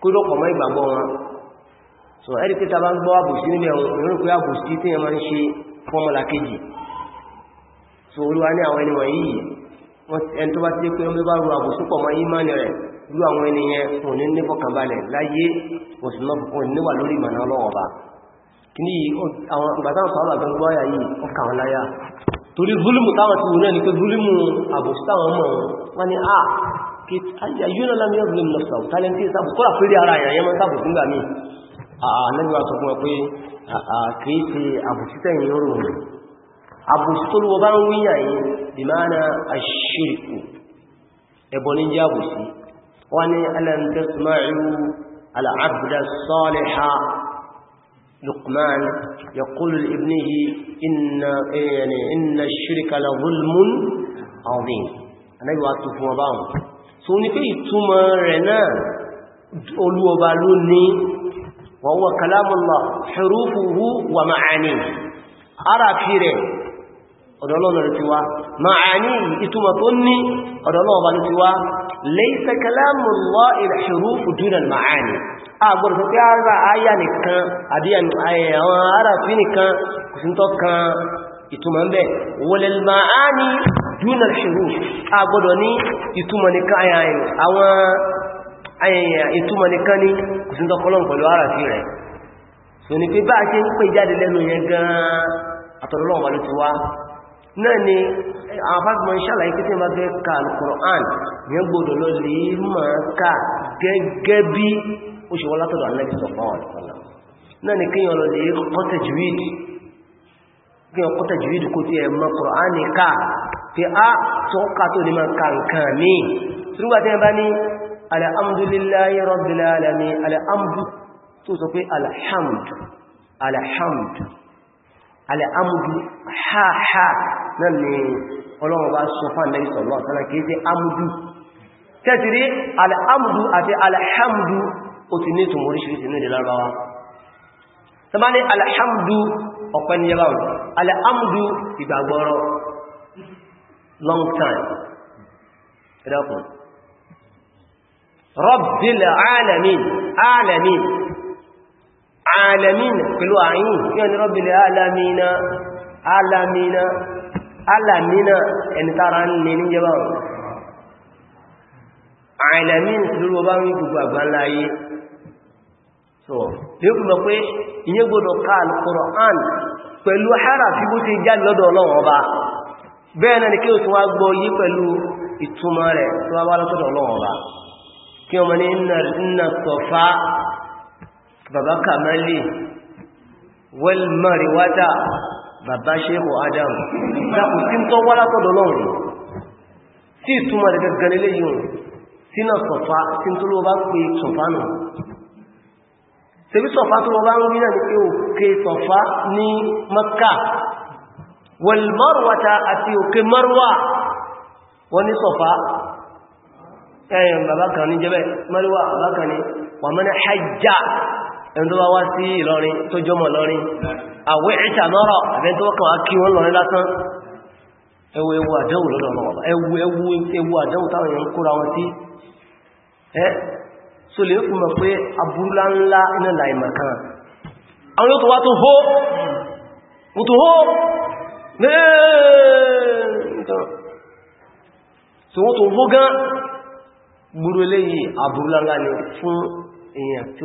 kó lọ́pọ̀ mọ́ ìgbàgbọ́ wọn so ẹ̀rí pé ta bá ń gbọ́ abùsí nílẹ̀ ìrìn pé abùsí tí yẹn ń ṣe fọ́mọ́lá so olúwa ní àwọn ènìyàn yìí ẹni tó bá ti pé ọmọ bá ru abùsí pọ̀ mọ́ ìmánì rẹ̀ irú àwọn ènìyàn kò ní ní fọkànbalẹ̀ láyé kò ní wà kí ni àwọn ìgbà táwọn sọ̀rọ̀ àgbẹ̀gbọ́ yìí ó kà torí zulmù táwọn ti wùnà ní pé zulmù àbòsítáwọn mọ̀ wọn ni a ayúnà lámí ọ̀zùlùmù lọ sàbò tálẹ́ntì sàbò kọ́lá fèrè ara ìrìnyẹ mọ́ sàbò fún gbàmí àánẹ́gbà sọ fún ọ pé kìí ṣe àbòsítẹ̀yìn orò àbòsítólówó bá ń wíyà لقمان يقول لابنه إن, يعني إن الشرك لظلم عظيم أنا يواتف وباهم سوني في تمرنا أولو بالوني وهو كلام الله حروفه ومعانيه أرى فيره أدولون رتوا معانيه إتما تني أدولون بالتوا laysa kalamu Allah al-huruf duna al-ma'ani agbọ́n tó pé ara ayà nìkan àbí àwọn ara fi nìkan kò sí tó kan ìtumọ̀ ń bẹ̀ wọlẹ̀ ma'ani duna al-huruf agbọ́dọ̀ ní ìtumọ̀ nìkan àwọn ìtumọ̀ ní kò sí tó pẹ̀lú ara fi rẹ̀ so ni pé bá a ṣe ń pè jáde lẹ́nu yẹn gan-an àtọ̀lọ́wọ́ ló ti wá náà ni àfáàgbọ̀n ìṣàlàyé kí tí ma fẹ́ ka al-Qur'an yẹn gbọdọ̀ lọ lè máa ka gẹ́gẹ́ bí ó ṣe wọ́n látọ̀dọ̀ Ànábì sallallahu alaihi wasallam náà ni kíyàn lọ lè kọ́ tajwid kíyàn kọ́ tajwid kó tí ẹ mọ̀ Qur'an ká fi á tó ká tó ní máa ka nǹkan mi ṣùgbọ́n tó sọ pé alhamdu alhamdu alhamdu ha ha náà ni ọlọ́run bá sọ fún àlẹ́ ìsọ̀lọ́ ọ̀tọ́lá kìí sí amúdú tẹ́tìrí al'amúdú àti alhamdu ó ti ní ìtumọ̀ oríṣiríṣi ní ìdí lárọ́wá tàbí alhamdu ọ̀pẹ́ ní yẹba ọ̀rọ̀ alhamdu ìgbàgbọ́rọ̀ long time ẹ̀dọ́kùn rabbil alamin alamin alamin pẹ̀lú alàmínà ẹni tára ń ní níjẹba àìlàmín lórí bá ń gbogbo àgbàlá ayé so lè kùnà pé iye gbọdọ̀ ká al-Qur'an pẹ̀lú hara fi bó ti já lọ́dọ̀ ọlọ́wọ́ bá bẹ́ẹ̀ náà ni kí o tún wá gbọ́ yí pẹ̀lú ìtumọ̀ rẹ̀ tó wá wá lọ́dọ̀ ọlọ́wọ́ bàbá ṣéhù adam dákùn tí ń tọ́ wá látọ̀dọ̀ lọ́rùn tí ìtumọ̀ rẹ̀ gẹ̀gẹ̀ lélé yìí tí náà sọ̀fá tí tó lọ bá ń pè sọ̀fá nù tẹbí sọ̀fá tó lọ bá ń rí náà ní pé òkè sọ̀fá ní Mẹ́kà wọlmọ́rùwata àti òkè mọ́rùwà wọ́n ní sọ̀fá ẹ̀yàn bàbá kan ní àwẹ́ ìta lọ́rọ̀ àbẹ́ tó kàn á kí wọ́n lọ lásán ẹwọ ẹwọ àdánwò lọ́dọ̀ ọmọ ẹwọ ẹwọ ẹwọ àdánwò táwọn èèyàn kóra wọn tí ẹ́ so lè fún mọ̀ pé aburúlá ńlá iná láìmọ̀ àwọn yóò tó wá tó hó tó hó so wọ́n tó hó gbúrú eléyìí ni fún èèyàn tí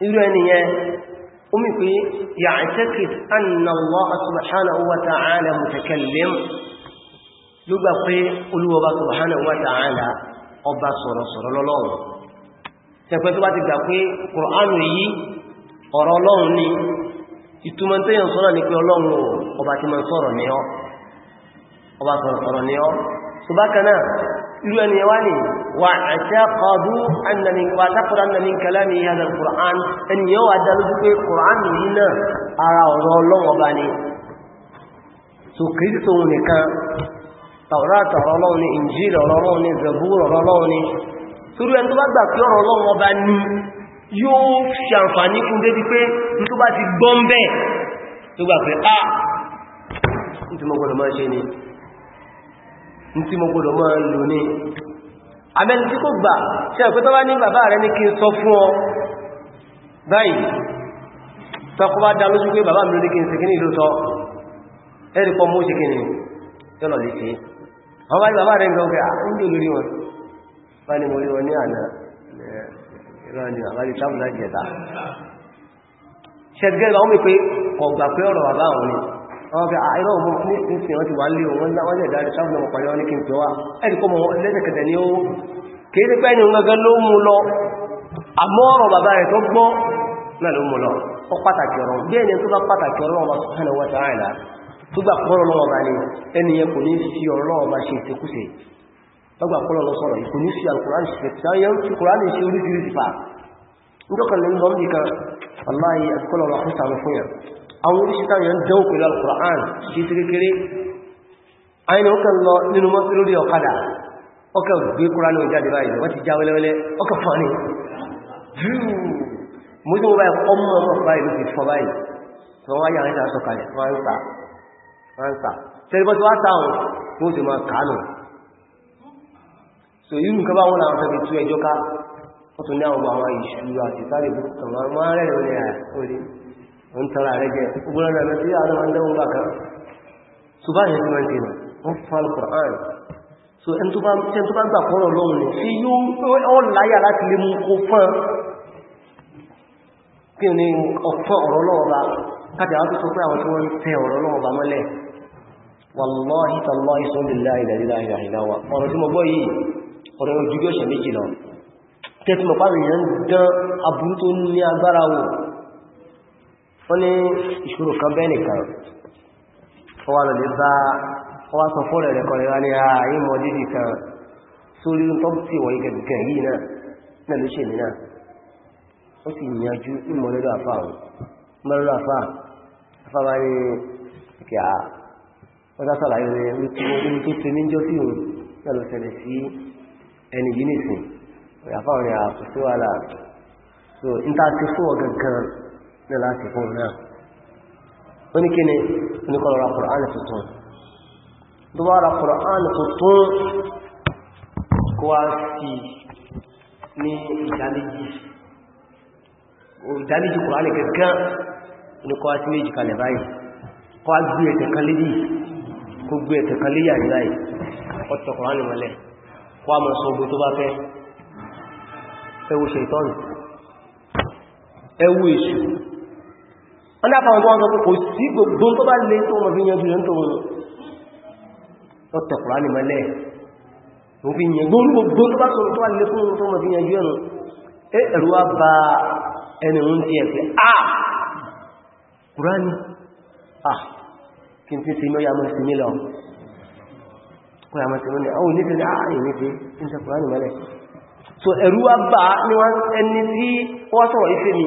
irú ẹni yẹn ó mì pé ya'taqidu anna Allah subhanahu wa ta'ala mutakallim ló gbà pé olúwọba subhanahu wa ta'ala ọba sọ̀rọ̀sọ̀rọ̀ lọ́lọ́run tẹ́pẹ́ tó bá ti gbà pé Kùránù yìí ọ̀rọ̀ ọlọ́run ni ìtumọ̀ tó yàn sọ́rọ̀ ní pé ọlọ́run ọba ti sọ̀rọ̀ ní ọ irú ẹni ẹwà ní wà àṣẹ́kọ̀ọ́dú wàtàkùránà ní kẹlẹ́mì yàdà kùrán ẹni yóò wà dá lójú pé kùrán yìí náà ara ọ̀rọ̀ ọlọ́wọ̀ bá ní so kìrìsìtò nìkan tàwọ́rátà ọlọ́wọ́ ní injil ọlọ́wọ́ ní zabur ọlọ́wọ́ ní torí ẹni tó bá gbà pé ọ̀rọ̀ ọlọ́wọ́ bá ní yóò ṣàǹfààní ah, ni tí mo gbọdọ̀ máa lò ní àmẹ́ni tí kò gbà tí ẹ̀kọ́ tó bá ní bàbá rẹ̀ ní kí n sọ fún ọ báyìí tọ́kọ́ bá dá lójú pé bàbá mi ló ní kí n sì kí ní ìlú sọ ẹ̀rì pọ mú sí kí ni yọ́nà lè ṣe wọ́n bá ní bàbá rẹ̀ ah, ń gbọ́gbẹ́ àkúndé ọ̀gá àìrọ̀ a ní ìsìn wọ́n ti wà lè wọ́n náà wọ́n lè dárí sáàbùn ọmọ pàdé wọn ní kí n tó wá ẹ̀rìkọ́ mọ̀ lẹ́sẹ̀kẹ̀tẹ̀ ní ó kéèrè pẹ́ ni gangan ló mú lọ àmọ́ọ̀rọ̀ bàbá rẹ̀ tó gbọ́ náà ló mú lọ ó pàtàkì ọ̀rọ̀ àwọn oríṣìíta yẹn jẹ́ òpin al-Qur'an kí ti kékeré ayin ọkà lọ nínú mọ́ lórí ọ̀kadà ọkà gbé kúrò ní ọjáde báyìí wọ́n ti já wẹ́lẹ́wẹ́lẹ́ ọkà fọ́nì mọ́jú mọ́ báyìí ọmọ ọmọ báyìí ló ti fọ́ báyìí wọ́n wáyé àwọn so irú nǹkan báwọn làwọn tẹ́bi tú ẹjọ́ ká wọ́n tún ní àwọn àwọn ìṣúra àti sáré ń tara rẹ jẹ ogun ọ̀nà tí àwọn ọmọdé wọn bá kan tó bá yẹ tí wọ́n ti nà wọ́n fa al-Qur'an so ẹni tó bá gbà kọ́rọ̀ lọ́wọ́ ni tí yóò láyà láti lè mú kó fán kí ni ọ̀fọ́ ọ̀rọ̀ lọ́wọ́ba káti àwọn tó sọ pé àwọn tí wọ́n tẹ ọ̀rọ̀ lọ́wọ́ba mọ́lẹ̀ wọ́n ní ìṣòro kan bẹ́ẹ̀ nìkan ọwà lọ lè bá ọwà sọ fọ́ọ̀rẹ̀ rẹ̀ kọrẹ̀ wá ní ààyè mọ̀ dídì kan sórí tó ti wọ̀nyí gẹ̀gẹ̀ yìí náà náà ló ṣe mí náà ó sì yanjú ìmọ̀ lọ́dọ̀ àfà òun mọ́lọ́dọ̀ àfà so n ta náà láti fún náà ó ní kí ni oníkọlọ̀rọ̀ Kùránì tuntun ra Kùránì tuntun kó wá sí ní ìdáléjì ìdáléjì Kùránì gẹ́gẹ́ oníkọ́ sí méjì kalẹ̀ báyìí kó gbé ẹ̀tẹ̀ kan lédì kó gbé ẹ̀tẹ̀ kan léyà ẹwù wọ́n lápàá tó wọ́n sọ pé kò sí gbogbo tó bá lè tó wọ́n fi yanjú yẹn tó wọ́n wọ́n tẹ̀kùrá ní mẹ́lẹ̀ wọ́n fi yẹn gbogbo tó bá sọ̀rọ̀ wọ́n ẹni tí ah kùránì ah kí n ti sí mọ́ yàmọ́ sí nílọ kọ́ yàmọ́ sí mọ́lẹ̀ ah èmi ti ń tẹ̀kùrá ní so ẹ̀rù wá bá ẹni tí wọ́n sọ̀rọ̀ ìfẹ́ mi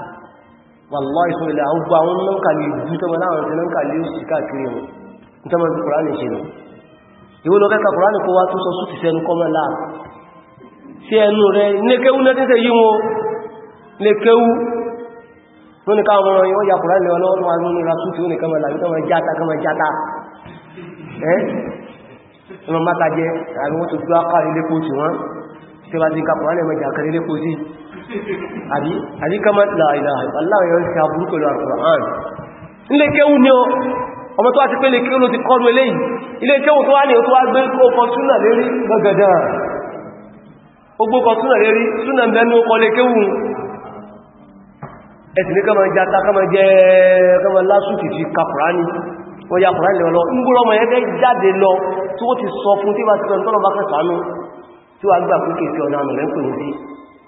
wàláì sọ ilẹ̀ àwọn àwọn lọ́nkàlì ìjú tọ́mọ láwọn ti lọ́nkàlì ó sì káàkiri wọn ní tọ́mọ ti kùránì ṣe nù ìwó lọ kẹ́kà kùránì kó wá tó sọ sútì sẹ́nu kọ́mọ láà sí ẹnu rẹ̀ lékéwú lẹ́tẹ́sẹ̀ yí wọn lékéwú wọ́n ni káwọn ọmọ yọ́ ya kùránì lẹ́wọ́ lọ́wọ́ wọn ní ra sútì wọn kọ́mọ láà tọ́mọ játa kọ́mọ játa ẹ́ ọmọ mátajẹ àbí wọ́n tó gbá kàrí lépo tí wọ́n tí wọ́n ti ka kùránì mẹ́jà kàrí lépo sí àbí àbí kama láìlá aláwọ̀ yóò ṣe àbúrú pẹ̀lú Al-Qur'an ilé kéwù ní ọ ọmọ tó wá ti pé lè kéwù ló ti kọlu eléyìí ilé kéwù tó wá ní o tó wá gbé ọkọ̀ súnà lérí gbọ́gàdà ogbókọ̀ súnà lérí súnà bẹnu ọkọ̀ lè kéwù ẹ̀sìn ní kama jata kama jẹ kama lásù ti fi kàkùránì wọ́n ya kùránì lọ lọ ngbúrọ ọmọ ẹgbẹ́ jáde lọ tí ó ti sọ fún tí bá ti sọ ní tọ́lọ bá kẹsànú tí wà gbà pé kèsì ọ̀nà àmì rẹ̀ ń pè ní sí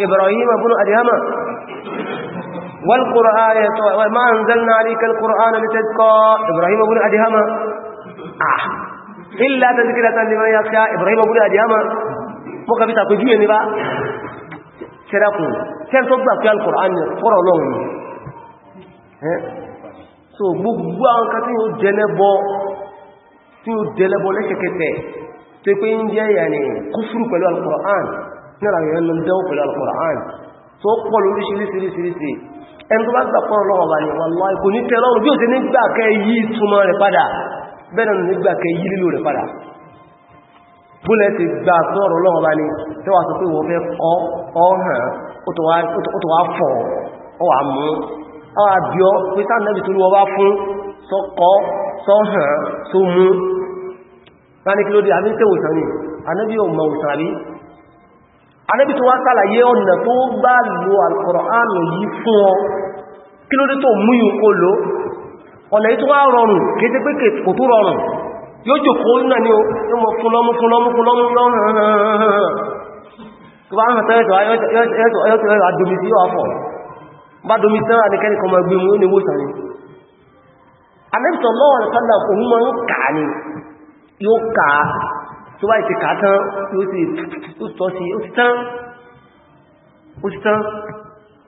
إبراهيم بن أدهم والقرآن وما أنزلنا عليك القرآن لتذكى إبراهيم بن أدهم آه إلا تذكرة لمن يخشى إبراهيم بن أدهم مكبت أتجوه نبا سرقوا كان تضع في القرآن قرأ لهم so gbogbo àwọn kan tí ó jẹlẹ́bọ tí ó jẹlẹ́bọ lẹ́kẹ̀kẹ́tẹ̀ tí pé ń jẹ́ ìyà ni kúfúrú náà àwọn èèyàn lọ dẹ́wọ́ pẹ̀lú alkùnrán tó pọ̀ lórí ṣiríṣiríṣiríṣi ẹni tó bá gbà pọ́n lọ́wọ́ bá ní wàlá ikú ní tẹ́lọ́ bí ó ti nígbà kẹ́ yí túnmọ́ rẹ̀ padà bẹ́ẹ̀ ni nígbà kẹ́ yí lílò rẹ̀ padà búlẹ̀ ti gbà tọ́rọ lọ́wọ́ bá ní tẹ́wà sọ pé wọ́n fẹ́ ọ̀hàn ó tó wá fọ̀ ọ wà mú ọ wà bí ọ pé sáà nẹ́bì tó lọ́wọ́ bá fún sọ́kọ́ sọ́hàn tó mú anẹ́bí tó wá sàlàyé ọ̀nà tó gbà lo alkùránù yìí fún ọ kí ló dé tó mú yìí kó lò ọ̀nà yìí tó wá rọrùn kéte pé kò tó rọrùn yóò jòkó náà ní o mọ̀ fúnlọ́mú fúnlọ́mú fúnlọ́mú lọ́rùn-ún tó bá ìtìkà tán yóò sì tọ́ sí ó ti tán ó ti tán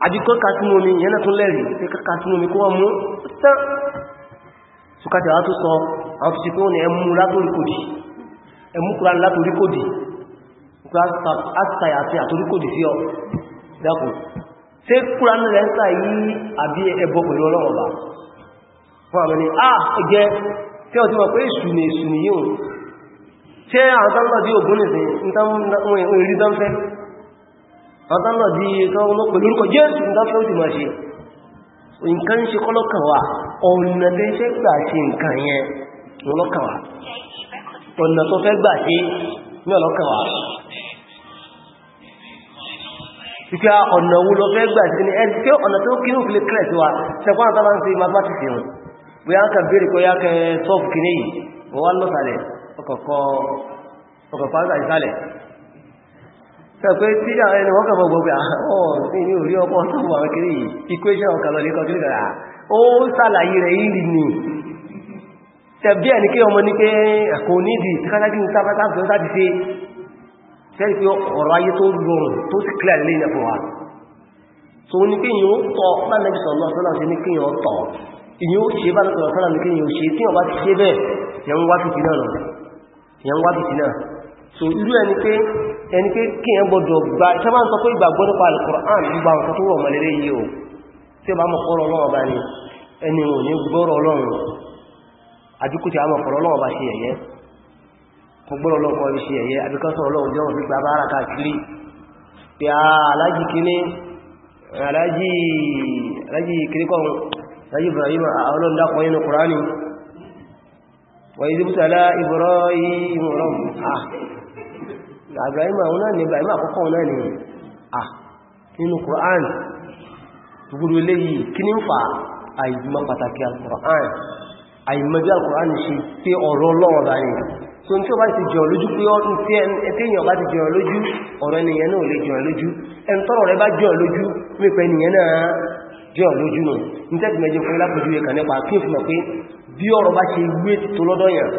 àjíkọ́ kàtínú omi yẹnà tún lẹ́rì tí kàtínú omi kó wọ́n mú ó ti tán ṣùkàtà wá tó sọ àwọn tó ti pé wọ́n ẹmú látoríkòdì ẹmú kúrò látoríkòdì àtàyà ń sà yí àbí ẹbọ pẹ̀lú ọlọ́run fún àwọn ẹni ah ẹgẹ tí ọ ti mọ̀ pé ìṣù ni yíò ṣe àwọn tánlọ̀ dí ògún nìsìn ìrí dánfẹ́ àwọn tánlọ̀ dí olórúkọ jésù dánfẹ́ ó ti máa ṣe nǹkan ṣe kọ́lọ́kàn wà ọ̀nà tẹ́ ṣe gbà ṣe nǹkan yẹn lọ́kàn wà ọ̀nà tó fẹ́ gbà ṣe ní ọlọ́kàn wà ìpé ọ̀nà wo lọ fẹ́ gbà ṣe ní ẹni tí ọ̀nà tó kí ní òfin kírẹ̀ sí wa ṣẹ̀kọ́ àtàlá ń ṣe mathematics yìí wọ́n yá ń kà bèèrè kọ́ yá kẹ́ sọ́ọ̀fù kìíní yìí wọ́n wá lọ́sàlẹ̀ ọkọ̀ pàtàkì ìsàlẹ̀ pẹ̀pẹ́ tí ẹni wọ́n kàn ah, mọ́ ní kí ọmọ ní pé kò nídi kájájú ní pé yíò tọ́ lánàbí ṣe bá lọ́sọ̀rọ̀ sọ́nà ní kíyàn ṣe tí wọ́n bá ti ṣe bẹ́ẹ̀ yẹn wá fi jìnà lọ́rùn yẹn wá bìtì náà so irú ẹni pé ẹni pé kí ẹ gbọdọ̀ gba ṣẹ́bá ń sọ pé ìgbàgbọ́ nípa Al-Qur'an gbogbo àwọn tó rọ̀ mọ̀lẹ́rẹ́ o tí ó bá mọ̀ kọ́rọ̀ Ọlọ́run bá ní ẹni ò ní gbọ́rọ̀ Ọlọ́run àdúkù tí a mọ̀ kọ́rọ̀ Ọlọ́run bá ṣe gbọ́rọ̀ Ọlọ́run ṣe وإذ ابتلى إبراهيم ربه ah. Ibrahim àwọn náà ni Ibrahim àkọ́kọ́ náà ni à ah. nínú Qur'an gbogbo eléyìí kí ní ń fa àìmọ̀ pàtàkì al-Qur'an àìmọ̀ bí al-Qur'an ṣe pé ọ̀rọ̀ Ọlọ́run bá tí ó bá ti jẹun lójú pé ẹ̀tẹ́yàn bá ti jẹun lójú ọ̀rọ̀ ènìyàn náà lè jẹun lójú ẹn tọ́rọ̀ rẹ bá jẹun lójú wípé ènìyàn náà jẹun lójú nù ní tẹ́tì mẹ́jẹ fún ilápòjú ẹ̀kà nípa kí bí ọ̀rọ̀ bá ṣe wé tó lọ́dọ̀ yàn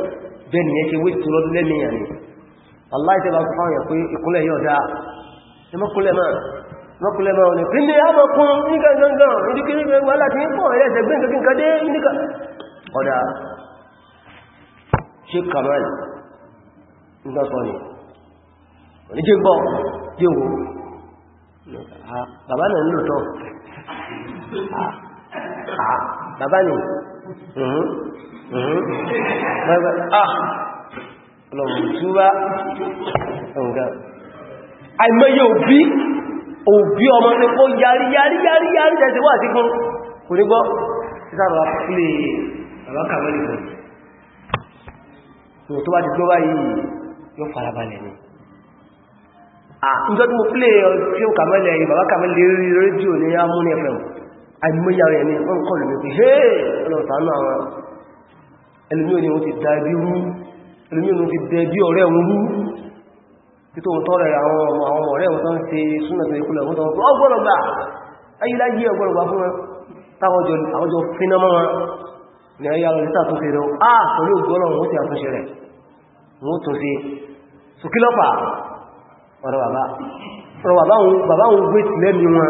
bẹ́ẹ̀ nìyẹn ṣe wé tó lọ́dọ̀ lẹ́mìyàn ni aláìsẹ́bà fáwọn yàn pé ìkúnlẹ̀ yóò dáa ẹmọ́kúnlẹ̀ máa mọ́kúnlẹ̀ máa ní pí ní àmọ́kún ní gangan ìdíkiri gbogbo aláti ń pọ̀ ẹ̀ẹ́sẹ̀ gbé nǹkan kan dé níka ọ̀dá ṣe kamal nǹkan sọ ni òní ṣe gbọ́ yóò wò bàbá náà nílò tọ́ bàbá ni ọlọ́mùtúwá ah, ọ̀gá àìmọye òbí òbí ọmọ ní kó yàrí yàrí yàrí yàrí jẹ́ wà sí fún kò ní gbọ́ sáàrọ̀ ilé àwákàmọ́lì fún ìwọ̀n tó bá ti gbọ́ báyìí yóò farabalẹ̀ ni ìjọ́ tí mo fílẹ̀ ọjọ́ kàmọ́lẹ̀ yìí bàbá kàmọ́lẹ̀ rédíò ní amúnẹ̀fẹ̀mù àìmọ́yàrẹ̀ ni wọ́n kọlù ní pé hé ọlọ́sàánú àwọn ẹlùmíò ni wọ́n ti dábí rú ẹlùmíò ni wọ́n ti dẹbí ọ̀rẹ́ wọn rú títò wọn tọ́rẹ àwọn ọmọ ọ̀rẹ́ wọn tán ṣe súnmọ̀tẹ̀ ìkúlẹ̀ wọn tán ọgbọ̀rọ̀gbà ayíláyé ọgbọ̀rọ̀gbà fún wọn táwọjọ fínà mọ́ wọn ni ayé alọ́ lítà tó fèrè á pẹ̀lú ògbọ́lọ̀ wọn ti àtúnṣe rẹ̀ wọn tó fi sùkílọ́pàá ọ̀rọ̀ bàbá òun gbé tìlẹ́mì wọn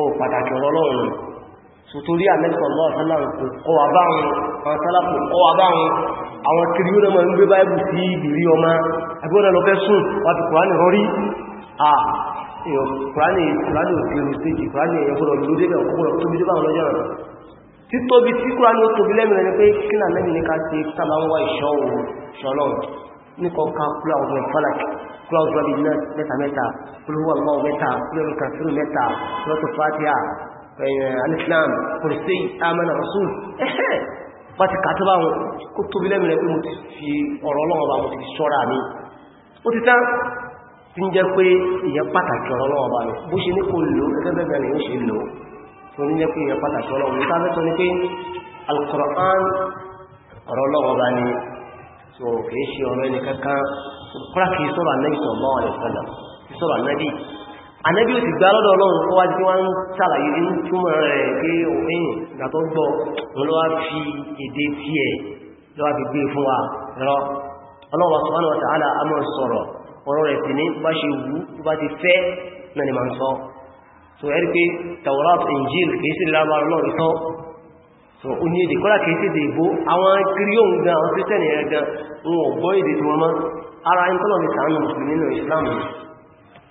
ó pàtàkì ọ̀rọ̀ ọlọ́run sòtórí àmẹ́sọ̀lọ́ ọ̀sánláàrùn kò kọ́ àbáhùn àwọn sálàpù kọ́ àbáhùn àwọn kiri ó lọ́mọ ń gbé báyìí sí ìdìrí ọmọ agbóná lọ fẹ́ sùn wàtí kùránì rọrí à kùránì kùránì òkèrò stéjì kùránì ẹ̀yọ́gbọ́n lórí ẹ̀kọ́ gbọ́dọ̀ tóbi tó bá wọn lọ́jọ́ rẹ̀ títóbi tí kùránì ó tóbi lẹ́nu ẹni pé kí náà lẹ́nu ní ká ti sábà ń wá ìṣọ́ òun ṣọlọ́run ní kọ́ ká kúrò àwọn ọmọ ìfọ́làkì cloud rabbit náà mẹ́ta mẹ́ta olówó àwọn mẹ́ta olówó kàfíìn mẹ́ta lọ́tọ̀ fatia alislam kùrìsì amẹ́nà rasul ẹ̀hẹ́ bá ti kàtọ́ bá wọn kó tóbi lẹ́mìí rẹ̀ pé mo ti fi ọ̀rọ̀ ọlọ́wọ́ bá mo ti fi ṣọ́ra mi ó ti tán tí ń jẹ́ pé ìyẹn pàtàkì ọ̀rọ̀ ọlọ́wọ́ bá mi bó ṣe ní kò lò gẹ́gẹ́ bẹ́ẹ̀ ni ó ṣe lò tó ní jẹ́ pé ìyẹn pàtàkì ọlọ́wọ́ mi ká fẹ́ sọ ni pé alukọ̀rọ̀ ọlọ́wọ́ bá ni so kìí ṣe ọ̀rọ̀ ẹni kankan kúrà kìí sọ̀rọ̀ anẹ́bì sallallahu alaihi wasallam kìí ò sì gbá lọ́dọ̀ ọlọ́run kó wá ń ṣàlàyé ní túmọ̀ rẹ̀ pé òfin ìgbà gbọ́ wọn lọ́wọ́ onye èdè kọ́lá kìí de ìbò àwọn kìríòm gan àwọn kírísẹ́nì ẹ̀ gan wọn ò gbọ́ èdè ara ń tọ́lọ̀ ní sàánù mùsùlùmí nínú ìsìláàmù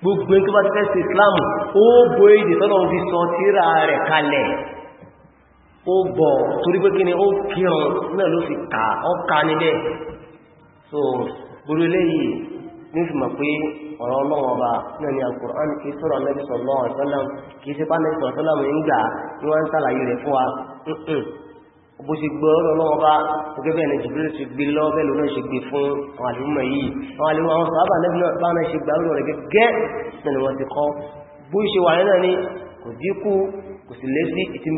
gbogbo tó bá ti fẹ́sì ìsìláàmù ó bọ́ èdè tọ́lọ̀ fi sọ tíra rẹ̀ kalẹ̀ ó bọ̀ torí pé kí ó kírun náà ló fi ka níbẹ̀ so ni sọ̀rọ̀ bó ṣe gbọ́ ọ̀rọ̀ lọ́wọ́ bá gẹ́gẹ́ bẹ́ẹ̀ ni jìbìrì ti gbé lọ bẹ́ẹ̀ lónà ṣe gbé fún àwọn àlùmọ̀ yìí àwọn àlùmọ̀ àwọn sọ̀rọ̀ nẹ́bí náà bá náà ṣe gbà lọ́rọ̀ rẹ̀ gẹ́gẹ́ náà ni wọ́n ti kọ́ bó ṣe wà náà ni kò dínkù kò sì lé sí ìtì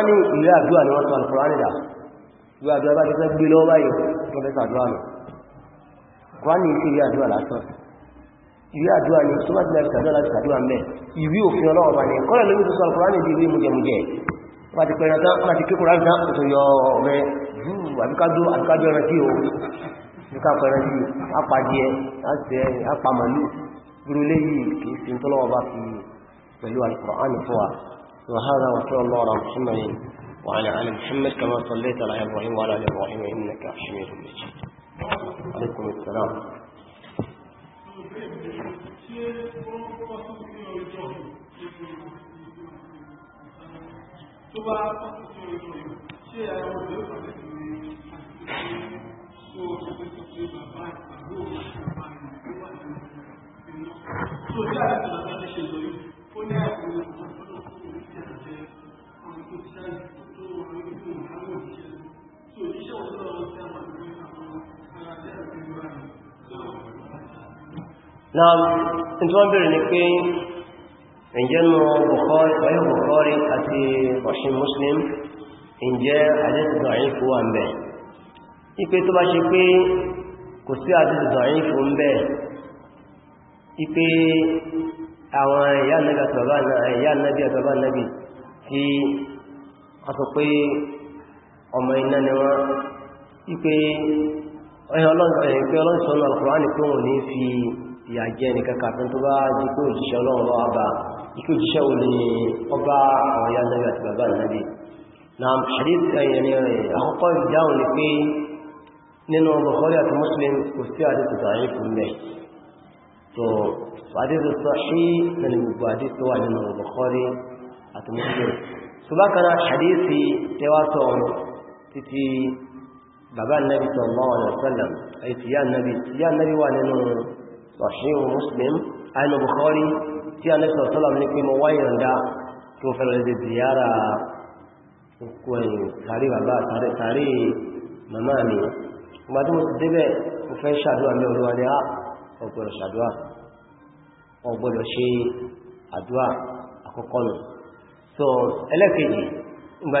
ń bẹ níwájú ìwà àdúrà bá ti fẹ́ gbé lọ́wọ́ báyìí prọfẹ́sà àdúrà nù kúránì sí ìwé àdúrà lásán ìwé àdúrà ni tó bá ti láti àdúrà láti àdúrà mẹ́ ìwé òfin ọlọ́wọ́ bá ní kọ́lẹ̀ lórí tó sọ kúránì di ìwé mùjẹmùjẹ wọ́n ti pẹ̀rẹ̀ tán wọ́n ti ké kúránì tán kò tó yọ ọ̀rẹ́ jù àbíkájú àbíkájú ẹran وعلى آل محمد كما صليت على إبراهيم وعلى آل إبراهيم إنك حميد مجيد عليكم السلام Thank you náà tí wọ́n bèèrè ní pé ǹjẹ́ mọ́ ọ̀yọ́ Bukhari àti ọ̀ṣin Muslim ǹjẹ́ àdẹ́sìtò àyíkò wà ń bẹ̀ ipé tó bá ṣe pé kò sí àdẹ́sìtò àyíkò ń bẹ̀ ipé àwọn ìyá nàbí àtàbà nàbí tí ọmọ iná ni wọ́n ipé ọlọ́sọ̀nà alkùránì pé wọ́n ní fi ìyà jẹ́ nìkan kàfin tó bá jí pé òjíṣẹ́ ọlọ́run lọ́wọ́ bá ikú òjíṣẹ́ ò ní ọba àwọn ya nàbí àti bàbá nàbí na hadith ẹ̀yẹni àkọ́kọ́ ìdáhùn ni pé nínú Bukhari àti Muslim kò sí àdìsù sàáyé fún mẹ́ tó títí bàbá nàbí sallallahu alaihi wasallam àyè tìyá nàbí tìyá nàbí wà nínú sọ̀ṣíhùn muslim àìnà bukhari tí a nẹ́sọ̀ sọ́lọ̀m ní pé mọ wáyìrìndá tó fẹ́rẹ̀ lè ziyara òkú ẹ̀yìn tàrí bàbá tàrí màmá mi ọgbà tó mọ̀ sí débẹ̀ ó fẹ́ ṣàdúwà ní olúwa ní ọgbọ̀rọ̀ ah, ṣàdúwà ọgbọ̀rọ̀ ṣe àdúwà àkọ́kọ́ nù so ẹlẹ́kejì ìgbà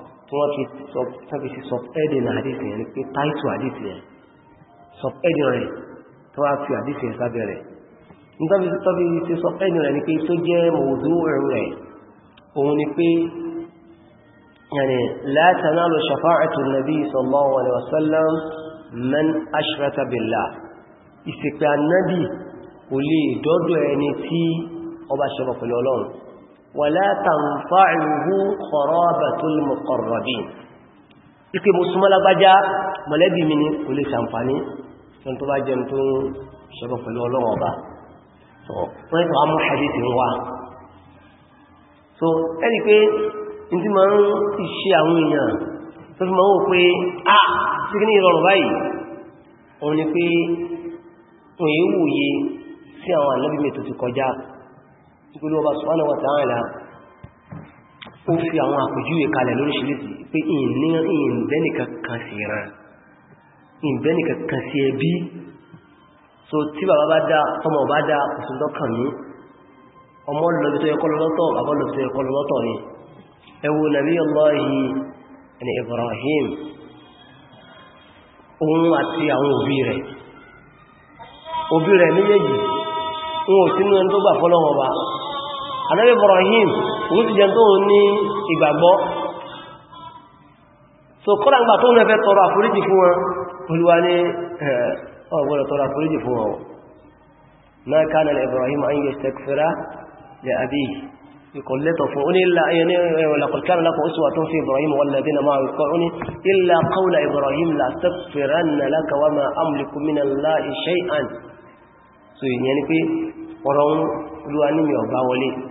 tí wọ́n fi sọ̀pẹ́dìn àdìsí yẹn ni pé táìtù àdìsí yẹn sọ̀pẹ́dìn rẹ̀ tó wá fi àdìsí yẹn sábẹ́ rẹ̀ nítorí tọ́bí ti sọ̀pẹ́dìn rẹ̀ ni pé tó jẹ́ mòdú rẹ̀ wàlá tàǹfààrùhù kharabatul muqarrabin ike musulmọ́lágbájá mọ̀lẹ́bí mi ni kò lè ṣàǹfàní tún tó bá jẹ́ tó ń ṣọ́bọ̀ pẹ̀lú ọlọ́wọ́ so wọ́n tó mú hadith wá so ẹni pé n tí ma ń ṣe àwọn èèyàn tó ni pé òun yìí wòye sí àwọn ànábìmẹ̀ tó ti kọjá ìpínlẹ̀ ọba subhanahu wa ta'ala ó fi àwọn àpèjúwe kalẹ̀ lóríṣìíríṣìí pé ìbẹ́nìkankan sí ẹbí so tí bàbá bá dá ọmọ bá dá òsùndọ́kàn ní ọmọ lọ́bí tó ẹkọ́ lọ́tọ̀ bàbá lọ́bí tó ẹkọ́ lọ́tọ̀ ni ẹwọ nàbí ọlọ́hì ẹni Ibrahim òun àti àwọn òbí rẹ̀ òbí rẹ̀ méjèèjì wọn ànábì Ibrahim òun ti jẹ tó ní ìgbàgbọ́ so kọ́lá ń gbà tó nẹ́fẹ́ tọrọ àforíjì fún wọn olúwa ní ọgbọ̀rọ̀ tọrọ àforíjì fún wọn ma kana li Ibrahim an yastaghfira li abihi ìkọ̀lẹ́tọ̀ fún oní laqad kana lakum uswatun fi Ibrahim walladhina ma'ahu oní illa qawla Ibrahim la astaghfiranna laka wa ma amliku minallahi shay'an so ìyẹn ni pé ọ̀rọ̀ olúwa ní mi ọ̀gbá wọlé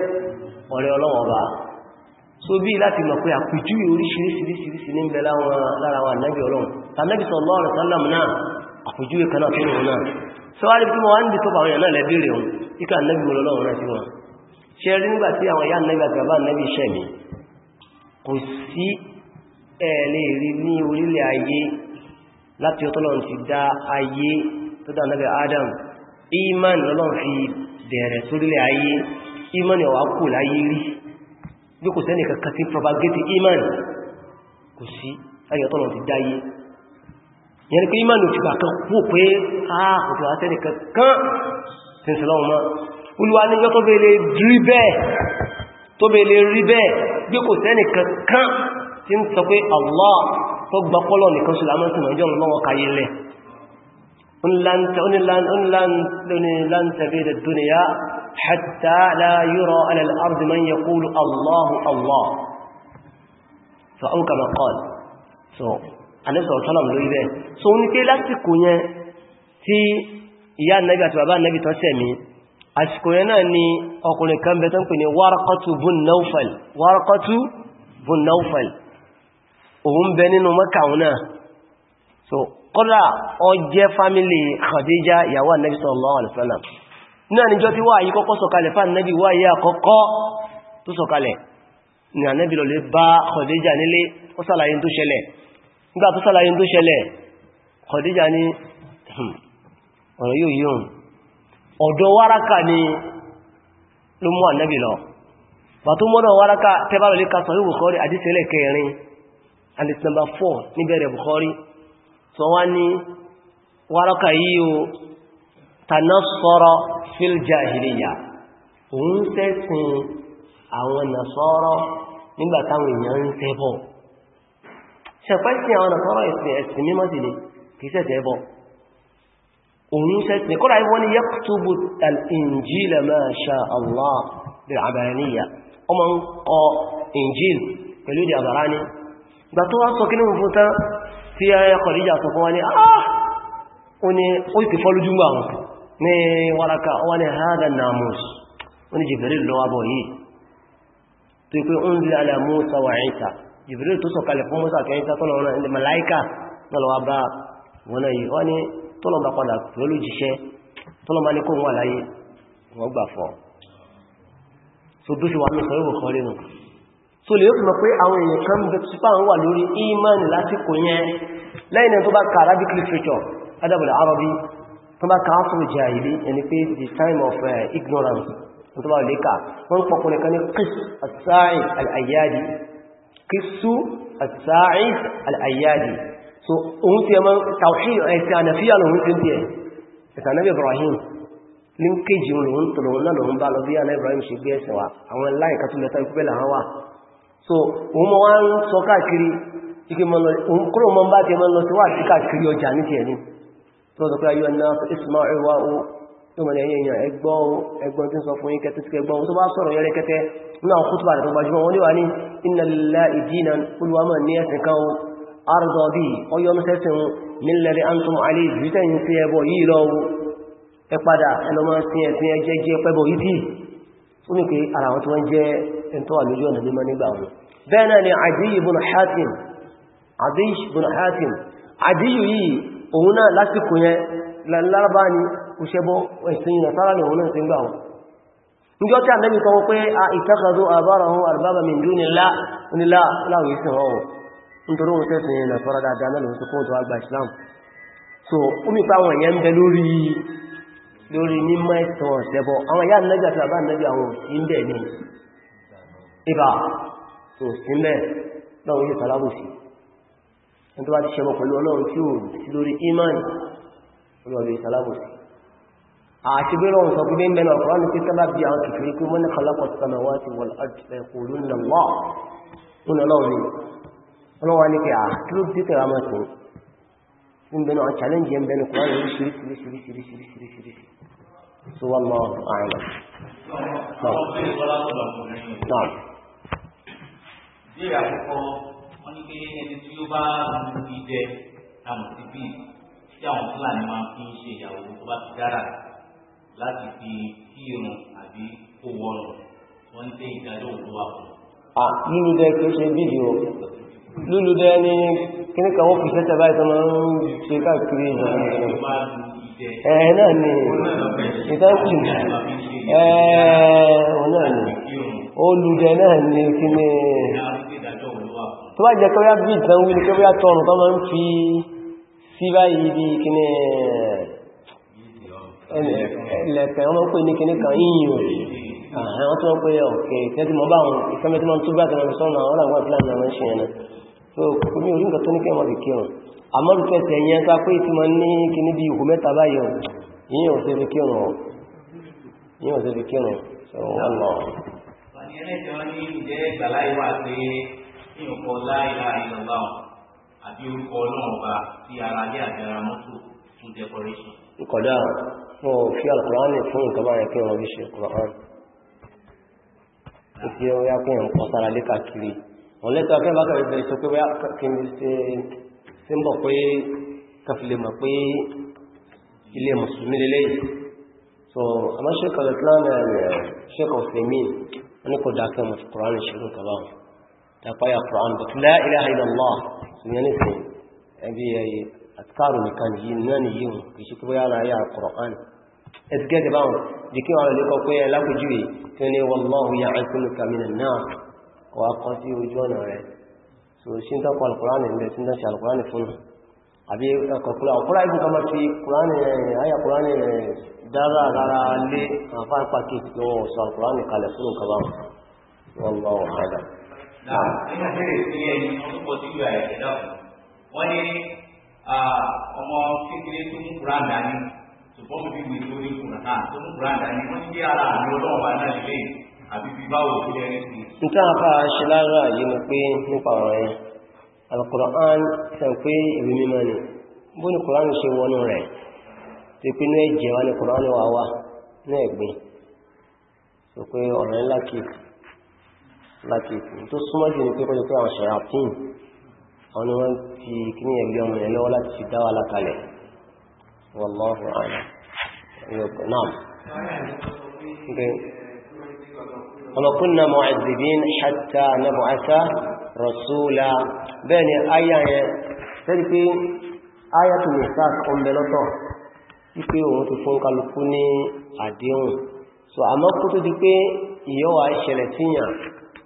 ọ̀rẹ́ ọlọ́run ọba so bí láti mọ̀ pé àpèjúwe oríṣiríṣiríṣiríṣi ní bẹ lára wa nẹ́bí ọlọ́run tàbí sallallahu alaihi wasallam náà àpèjúwe kan tó dá Adam iman fi bẹ̀rẹ̀ imani ọ̀wà kù láyé rí bí kò sẹ́nì kankan sí propagate imani kò sí ayọ̀tọ́nà ti dáyé yẹni pé imani ti bà kan kú pé ààkùtù àtẹ́nì kankan tí ń sọ́lọ́wọ́ mọ́ olúwa ní yọ́ tó bèèrè rí rí bẹ́ẹ̀ bí kò sẹ́nì kankan tí ń sọ pé Allah tó gbapọ́lọ̀ nìkan sùlámọ́sùn ọjọ́ lọ́wọ́ kayé lẹ́ لن تبيد الدنيا حتى لا يرى على الأرض من يقول الله الله فأو كما قال so النبي صلى الله عليه وسلم ló ibẹ̀ so ní pé lásìkò yẹn tí ìyá nàbí àti bàbá nàbí tán sẹ̀mí àsìkò yẹn náà ni ọkùnrin kan bẹ tán pè ní Warqatu bun Nawfal Warqatu bun Nawfal òun bẹ nínú Mẹ́kà so kọ́dá ọjẹ́ fámílì Khadija ìyàwó annabi sallallahu alaihi wasallam náà níjọ́ tí wà yí kọ́kọ́ sọ̀kalẹ̀ fà annabi wà yí àkọ́kọ́ tó sọ̀kalẹ̀ ni annabi lọ lè bá Khadija nílé ó sàlàyé tó ṣẹlẹ̀ ló mú annabi lọ bà tó mọ́nà wáraka tẹ́bàlẹ̀ ká sọ Bukhari àdísẹ́lẹ̀ kẹrin and it's níbẹ̀rẹ̀ Bukhari so wá ní wárọ́kà yìí o tanassara fil jahiliya òun tẹ́sìn àwọn nasọ́rọ̀ nígbà táwọn èèyàn ń tẹ́bọ̀ ṣẹ̀pẹ́sìn àwọn nasọ́rọ̀ ẹ̀sìn ẹ̀sìn mímọ́ sí ni kìí ṣẹ̀ tẹ́bọ̀ òun tẹ́sìn kọ́lá wọ́n ni tí ayẹ́ kọ̀díjà sọ fún wa ní ah o ní ó ti fọ́lújú gbà wọn ní waraka wọ́n ni hada namus o ní jibril lọ wábọ̀ yìí tó pé o ń zí ala Musa wa Isa jibril tó sọ̀kalẹ̀ fún Musa kẹ́ Isa tọ́lọ wọn ní malaika tọ́lọwà bá wọn so lè yóò mọ̀ pé àwọn èèyàn kan bẹ̀ tí fáwọn wà lórí imani lásìkò yẹn lẹ́yìn tó bá ka arabic literature adabula arabi tó bá ka afro jahili ẹni pé the time of eh, ignorance tó bá lè ka wọ́n pọ̀kùnrin kan ní kis asa'id al'ayyadi so ohun ti ẹmọ tawhid ẹ̀sẹ̀ eh, ànàfíà lòun ti ń tiẹ̀ ẹ̀sẹ̀ ànàbí ibrahim ní kéjì òun lòun tó lòun náà lòun bá lọ bí ànà ibrahim ṣe gbé ẹ̀sẹ̀ wa àwọn láì kàtúmẹ̀ta ikú bẹ́ẹ̀ làwọn wà so òun mọ́ wá ń sọ káàkiri ike kúrò mọ́ bá ti mọ́ lọ sí wà sí káàkiri ọjà ní ti ẹni tó sọ pé ayọ́ náà ismail wá ó tó mọ̀ ní ẹ̀yẹ èèyàn ẹgbọ́n ẹgbọ́n tí ń sọ fún ikẹ́ tó ti kẹgbọ́n tó bá sọ̀rọ̀ yẹrẹ kẹtẹ náà kú túbà tó gbajúmọ̀ wọ́n ní wà ní inna lillahi dinan olùwàmọ̀ ní ẹ̀sìn kan arúgbọ́ bí ọyọ́nú sẹ́sìn nílẹ̀rí antum alẹ́ ìrìsẹ́yìn sí ẹbọ yìí lọ́wọ́ ẹ padà ẹlọ́mọ́ sí ẹ̀sìn ẹjẹ́jẹ́ pẹ́bọ̀ yìí tí ó ní pé ara àwọn tí wọ́n jẹ́ ẹni tó wà lójú ọ̀nà mímọ́ nígbà wọn bẹ́ẹ̀ ni Adiy ibn Hatim Adiy yìí òun náà lásìkò yẹn lárabá ni kò ṣẹbọ ẹ̀sìn a ittakhadhu abārahum arbāban min so omi pa àwọn lórí lórí mímọ́ ẹ̀sìn ọ̀ṣẹ́bọ àwọn ìyá nẹ́jà àbá àwọn ń ìbá tó sí mẹ́ lọ́wọ́ yóò tàbí sí ẹni tó bá ti ṣẹbọ pẹ̀lú ọlọ́run tí ó sí lórí iman olóòrùn ìsàlábò sí àti bí rọrùn sọ gbé mẹ́nà ọ̀rán tí tẹ́lá bí àwọn kìkìrí kí mọ́ní kọlọ́pọ̀ sọmọ̀wá ti wọ̀l ọ̀rún náà wọ́n ọlọ́run ọlọ́wà ní pé àkílù ah, tí tẹ́lá mọ́ sí ń bẹ̀nà challenge ń bẹ̀nà kọlọ́run oríṣiríṣiríṣiríṣiríṣiríṣi so wọ́n mọ́ àìlọ́ ìbéèrè àkọ́kọ́ wọ́n ní pé ẹni tí ó bá ń fi jẹ àmọ̀tí bíi tí àwọn fúlàní máa fi ń ṣe ìyàwó tó bá ti dára láti fi kí irun àbí kó wọnù wọ́n ní pé ìdájọ́ òun wà fún. lúlùdẹ kì í ṣe bíbí o lúlùdẹ ni kíní kan wọ́n fi ṣẹ́ṣẹ́ báyìí tó máa ń ṣe káàkiri ìjọ ẹ̀ẹ́ náà ẹ̀ẹ́ òun ni ó lùdẹ̀ náà ní kí ní tó bá jẹ́ kọ́yá bí ìtàn wí ní kọ́yá tọrùn tó máa ń fi sí báyìí di kí ní ẹlẹ́pẹ̀ wọ́n pè ní kìíní kan yíyìn rẹ̀ àwọn tó wọ́n pè ọ̀kẹ́ tẹ́tí mọ́ bá wọn ìkẹ́mẹ́ tí wọ́n tó bá tẹ̀lẹ̀ sọ́nà àwọn àwọn ìfìlànà àwọn ṣe ẹ̀nà tó kò ní orí nǹkan tó ní wọ́n kìí ẹlẹ́jọ́ ní ìjẹ́ ìgbàláyé wà pé ní ọkọ̀ láìláà ìjọba àbí orúkọ ọlọ́run ọba tí ara lé àjẹrà mọ́tò fún decoration. kódà wọn ò fi alukur'an fún nǹkan báyẹn kí wọn fi ṣe alukur'an ó fi ó yá kí wọn kọ sára lé káàkiri wọn lẹ́tọ̀ọ́ akẹ́ bá kàwé bẹ̀rẹ̀ sọ pé wọ́n kí n ṣe ṣe ń bọ̀ pé káfílẹ̀ mọ̀ pé ilé mùsùlùmí lélẹ́yìn so àmọ́ ṣe kọ̀lẹ̀ tán ṣe kọ̀ mí wọ́n kò dákẹ́ ọmọ kùránì ṣerú kọba wọn tàpáyà kùránì bọ̀ la ilaha illallah ìyẹn ní sìn ẹbí ẹyẹ àtikárù nìkan yìí náà ni yìí wọn kì í ṣe kí bóyá ara yà kùránì ẹtì gẹ́gẹ́ báwọn dìkí wọn lè kọ pé ẹ lápòjúwe tí wọ́n ní wallahu ya'simuka minan nas kọ akọ sí ojú ọ̀nà rẹ̀ so ṣí ń tọ́kọ alukùránì ń bẹ ṣí ń tọ́ṣe alukùránì fún àbí ẹkọ̀ kúránì kúránì dára rárá lé àǹfà pàkíyèsí pé wọn ò sọ àkùrán nìkalẹ̀ fún nǹkan bá wọn lọ wọn padà. nínú ìbéèrè sí ẹni ọdún pọ̀ sí ìlú àìsàn náà wọ́n ní ọmọ kékeré tó mú kúrán dání ṣùgbọ́n mi bí wèé lórí kùnà náà tó mú kúrán dání wọ́n ní bí ara àmì ọlọ́run wà náà lè àbí bí báwo ló lẹ́ni sí. nǹkan afa ṣe lára yìí ni pé nípa ọ̀rọ̀ yẹn alukur'an sàn pé ìwé mímọ́ ni bó ni kùrán ṣe wọnú rẹ̀ tí pé ní ẹ̀jẹ̀ wa ní kùránì wà wá ní ẹ̀gbìn sọ pé ọ̀rọ̀ ńlá kìí lákìtì tó súnmọ́ jù ní pé kọjú pé àwọn ṣàyàtín àwọn ni wọ́n ti kí ní ẹgbẹ́ ọmọ yẹn láti fi dáwà lákalẹ̀ wọ́lọ́rù àná wípé òun ti fún kálukú ní àdéhùn so àmọ́ kó tó di pé ìyọ́ wa ṣẹlẹ̀ síyàn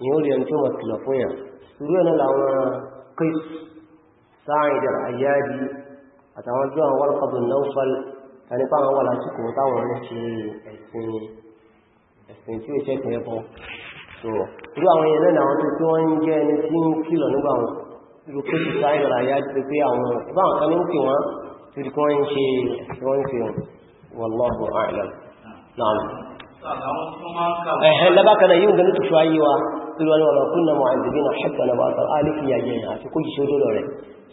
ìyọ́ rí ẹni tí ó mọ̀ kìlọ̀ fún yàn irú ẹ̀nà làwọn chris sáàìdà àyáàdì àtàwọn tí wọn wọ́lọ́kọ̀bù náufal tanipa àwọn wà lásìkò táwọn ń ṣe ẹ̀sìn ẹ̀sìn tí ó ṣe pẹ́ bọ́ so irú àwọn yẹn náà àwọn tó tí wọ́n ń jẹ́ ẹni tí ń kìlọ̀ nígbà wọn irú chris sáàìdà àyáàdì pé àwọn ìbáwọn kan ní ń pè wọ́n tí kí wọ́n ń ṣe tí wọ́n ń ṣe wallahu a'lam náà ẹ̀hẹ́ lábákanáà yíò gẹ́lú tuṣù ayé wa ìlú wọn wọn kúnnà mọ̀ àìdìbí náà ṣẹ́kà náà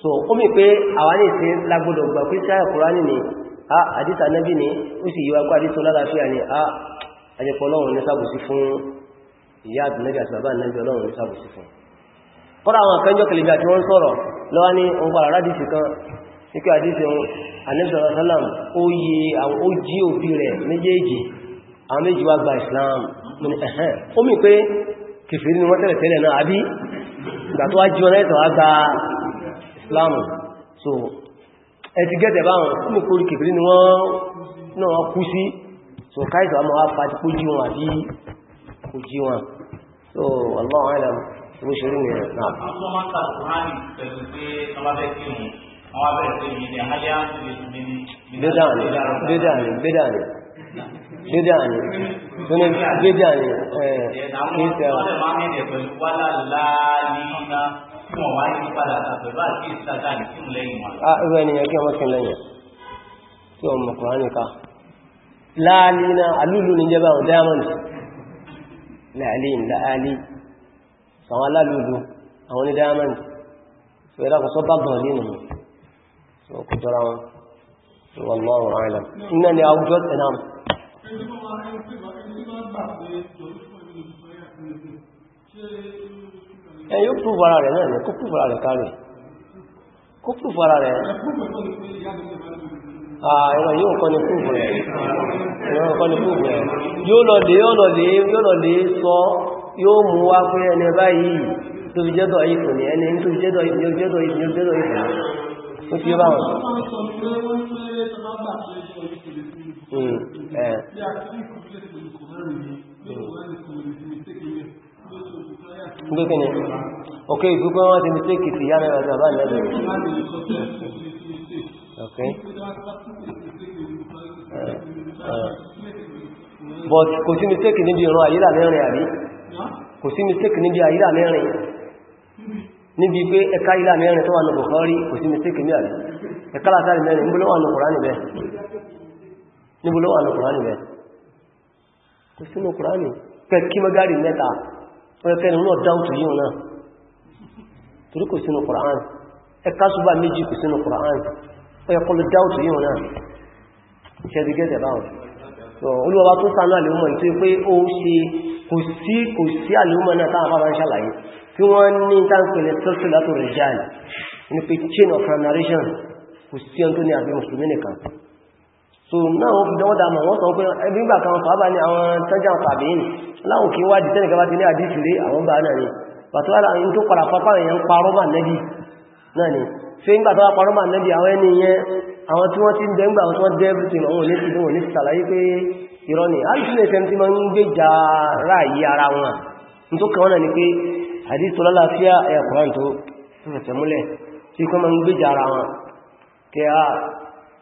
so ó mi pé àwọn ní ìṣe lágbọ́dọ̀ gbà pé sáyà kúránì ni a àdìsá nábì ni ó sì yíwa pé àdìsó lálàáfíà ni a àjẹpọ̀ ọlọ́run ní sábòsí fún ìyá àdìnẹ́bì àti bàbá àdìnẹ́bì ọlọ́run ní sábòsí fún kọ́ra àwọn akẹ́jọ́ kẹlẹ̀bí àti wọ́n sọ̀rọ̀ lọ́wọ́ ní òun gbà kan ikú àdíṣẹ́ anẹ́sọ̀rọ̀ sálàm ó yí àwọn ó jí òbí rẹ̀ méjèèjì àwọn méjì wá gba islam ní ẹ̀hẹ́n ó mì pé kìfìrí ni wọ́n tẹ́lẹ̀ tẹ́lẹ̀ náà àbí ìgbà tó wá gba islam so ẹ ti gẹ́tẹ̀ báwọn ó mì pé náà kú sí so káìsọ̀ àmọ́ wá pàtí kó jí àwọn abẹ́rẹ́ pé yìí ni àyà bídà ni bídà ni bídà ni bídà ni tó ní bídà ni kí ṣe ọ. Irú ènìyàn kí ọmọ kí lẹ́yìn tí ọmọ Kùránì ká. ní àwọn diamond. Láàlín, Àwọn alálùlù, àwọn ní diamond. Fẹ́ra kò sọ kò jọra wọn wallahu a'lam iná ni àwùjọ tẹ̀nà ẹ yóò púpù ara rẹ̀ náà ni kó púpù ara rẹ̀ kárẹ̀ kó púpù ara rẹ̀ ààrẹ yóò kọ́ ni púpù rẹ̀ yóò kọ́ ni púpù rẹ̀ yóò lọ yóò lọ yóò lọ sọ yóò mú wá pé ẹni báyìí tó fi jẹ́dọ̀ ìfò ní ẹni tó fi jẹ́dọ̀ ìfò ó ti bá wọn. Gbé hmm, eh. kí ni? Ok, gbogbo wọn ti mistake ti yá mẹ́rin àti bàbá ìlẹ́dẹ̀. Ok. Eh, eh. But kò sí mistake níbi ìran àyílà mẹ́rin àbí? Kò sí mistake níbi àyílà mẹ́rin níbi pé ẹka ilá mẹ́rin tó wà ní Bukhari kò sí mistake ní àrí ẹka látàrí mẹ́rin níbo ló wà ní Kùránì bẹ́ níbo ló wà ní Kùránì bẹ́ kò sí ní Kùránì pẹ́ kí mọ́gárì mẹ́ta ọ̀rẹ́kẹ́ ni wọ́n dáútù yíò náà torí kò sí ní Kùránì ẹka ṣùgbà méjì kò sí ní Kùránì ọ̀rẹ́kọ́ ló dáútù yíò náà tí wọ́n ní táǹkìlẹ̀ tọ́sí látò rẹ̀ jáì ní pé chain of narration kò sí ọdún tó ní àbí mùsùlùmí nìkan so náà wọ́n fi dánwọ́ dámà wọ́n sọ pé ẹbí gbà kan sọ́ábà ní àwọn tọ́jà pàbíyìn láwọn kí wá dìtẹ́ nìkan bá ti ní àdísì rí àwọn bá náà ni pàtó wà láàrin tó padà pápá èèyàn parọ́ mà nẹ́bí náà ni ṣé ńgbà tó wà parọ́ mà nẹ́bí àwọn ẹni yẹn àwọn tí wọ́n ti ń dẹ́gbà àwọn tí ni àdìsí lè fẹ́ tí wọ́n ń ni pé hadith tó lálàáfíà ẹ̀ Qur'an tó fẹ̀fẹ̀ múlẹ̀ tí kọ́ ma ń gbé jara wọn kí a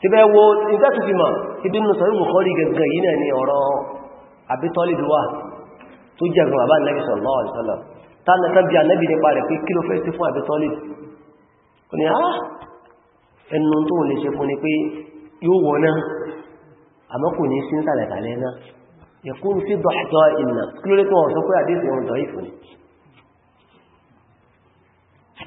ti bẹ́ wo ìgbẹ́tù fi mọ̀ tí bí nù sọ̀rọ̀ Bukhari gẹ̀gẹ̀ yìí náà ni ọ̀rọ̀ Abi Talib wà tó jẹ́gun bàbá Nabi sallallahu alaihi wasallam ta na tàbí Ànábì nípa rẹ̀ pé kí ló fẹ́ sí fún Abi Talib ó ní ah ẹnu tó lè ṣe fún ni pé yóò wọ̀ náà àmọ́ kò ní sí ń sàlẹ̀kàlẹ́ náà yẹ̀kú sí dọ̀ṣọ́ ìnà kí ló lé tó wọ́n sọ pé àdéhùn ìwọ̀n dọ̀rí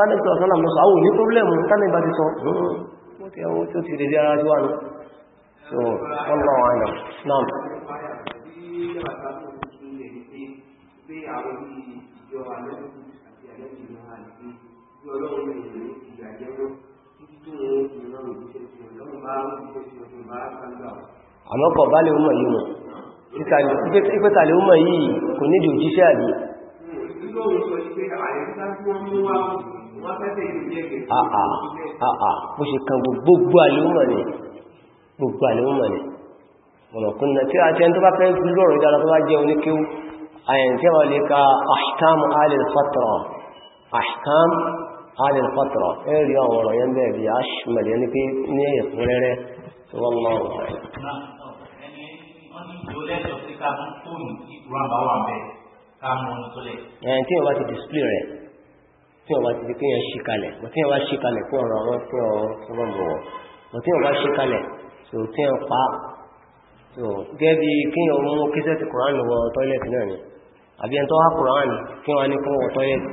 lánàbí ọ̀sán lámọ́ sọ àwọn òní problem. tánà ìbá ti sọ mọ́ tí ẹwọ́ tí ó ti rẹ̀ dí ara tí wà ní so ọlọ́ àìyàn náà àmọ́kọ̀ bá lè ọmọ yìí mọ̀ ìpẹ́tàlẹ̀ ọmọ òjíṣẹ́ àdìí hmm àà ah, ah, ah, bó ṣe kan gbogbo àlèúmọ̀ ni gbogbo àlèúmọ̀ ni ọ̀nàkún náà tí a jẹ́ tó bá fẹ́ lọ́rọ̀ ìdára tó bá jẹ́ oníkéwú àyẹ̀ntẹ́ wà lè ka ahkam alìlfatra ahkam alìlfatra ẹ̀rí àwọn ọ̀rọ̀ yẹn bẹ́ẹ̀ bí a ṣùmẹ̀lẹ̀ ní pé ní ẹ̀kúnrẹ́rẹ́ tí wọ́n ti display rẹ̀ tí wọ́n bá ti di pé yẹn ṣí kalẹ̀ wọ́n tí wọ́n bá ṣí kalẹ̀ fún ọ̀rọ̀ wọn fún ọ̀rọ̀ tí wọ́n mú wọn wọ́n tí wọ́n bá ṣí kalẹ̀ tó tí wọ́n pa tó gẹ́gẹ́ bí kí wọ́n mú kíṣẹ́ẹ̀tì kùránì wọ tọ́ílẹ̀tì náà ni àbí ẹni tó wá kùránì kí wọ́n ní kó wọ tọ́ílẹ̀tì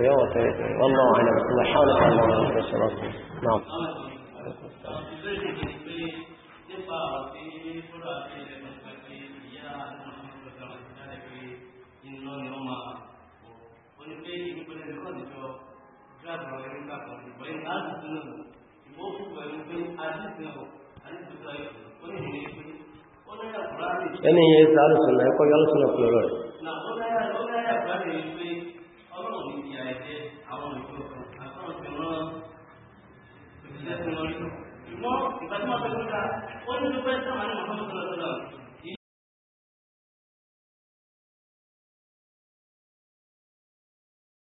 ìyẹn wọ tọ́ílẹ̀tì wọ́n náà wà ní ọ̀sán gbàgbọ́ ẹni gbàgbọ́ ìgbọ́ yìí láti dúró nù ìgbọ́ fún pẹ̀lú pé adídìbò adídìbò ẹ̀kọ́ ó ní ìrìn pé ó lẹ́yà kúrárì. ẹni yẹn ti alùsùn náà ẹkọ yọ alùsùn náà kúrò rẹ. nà ó lẹ́yà ó lẹ́yà kúrárì yìí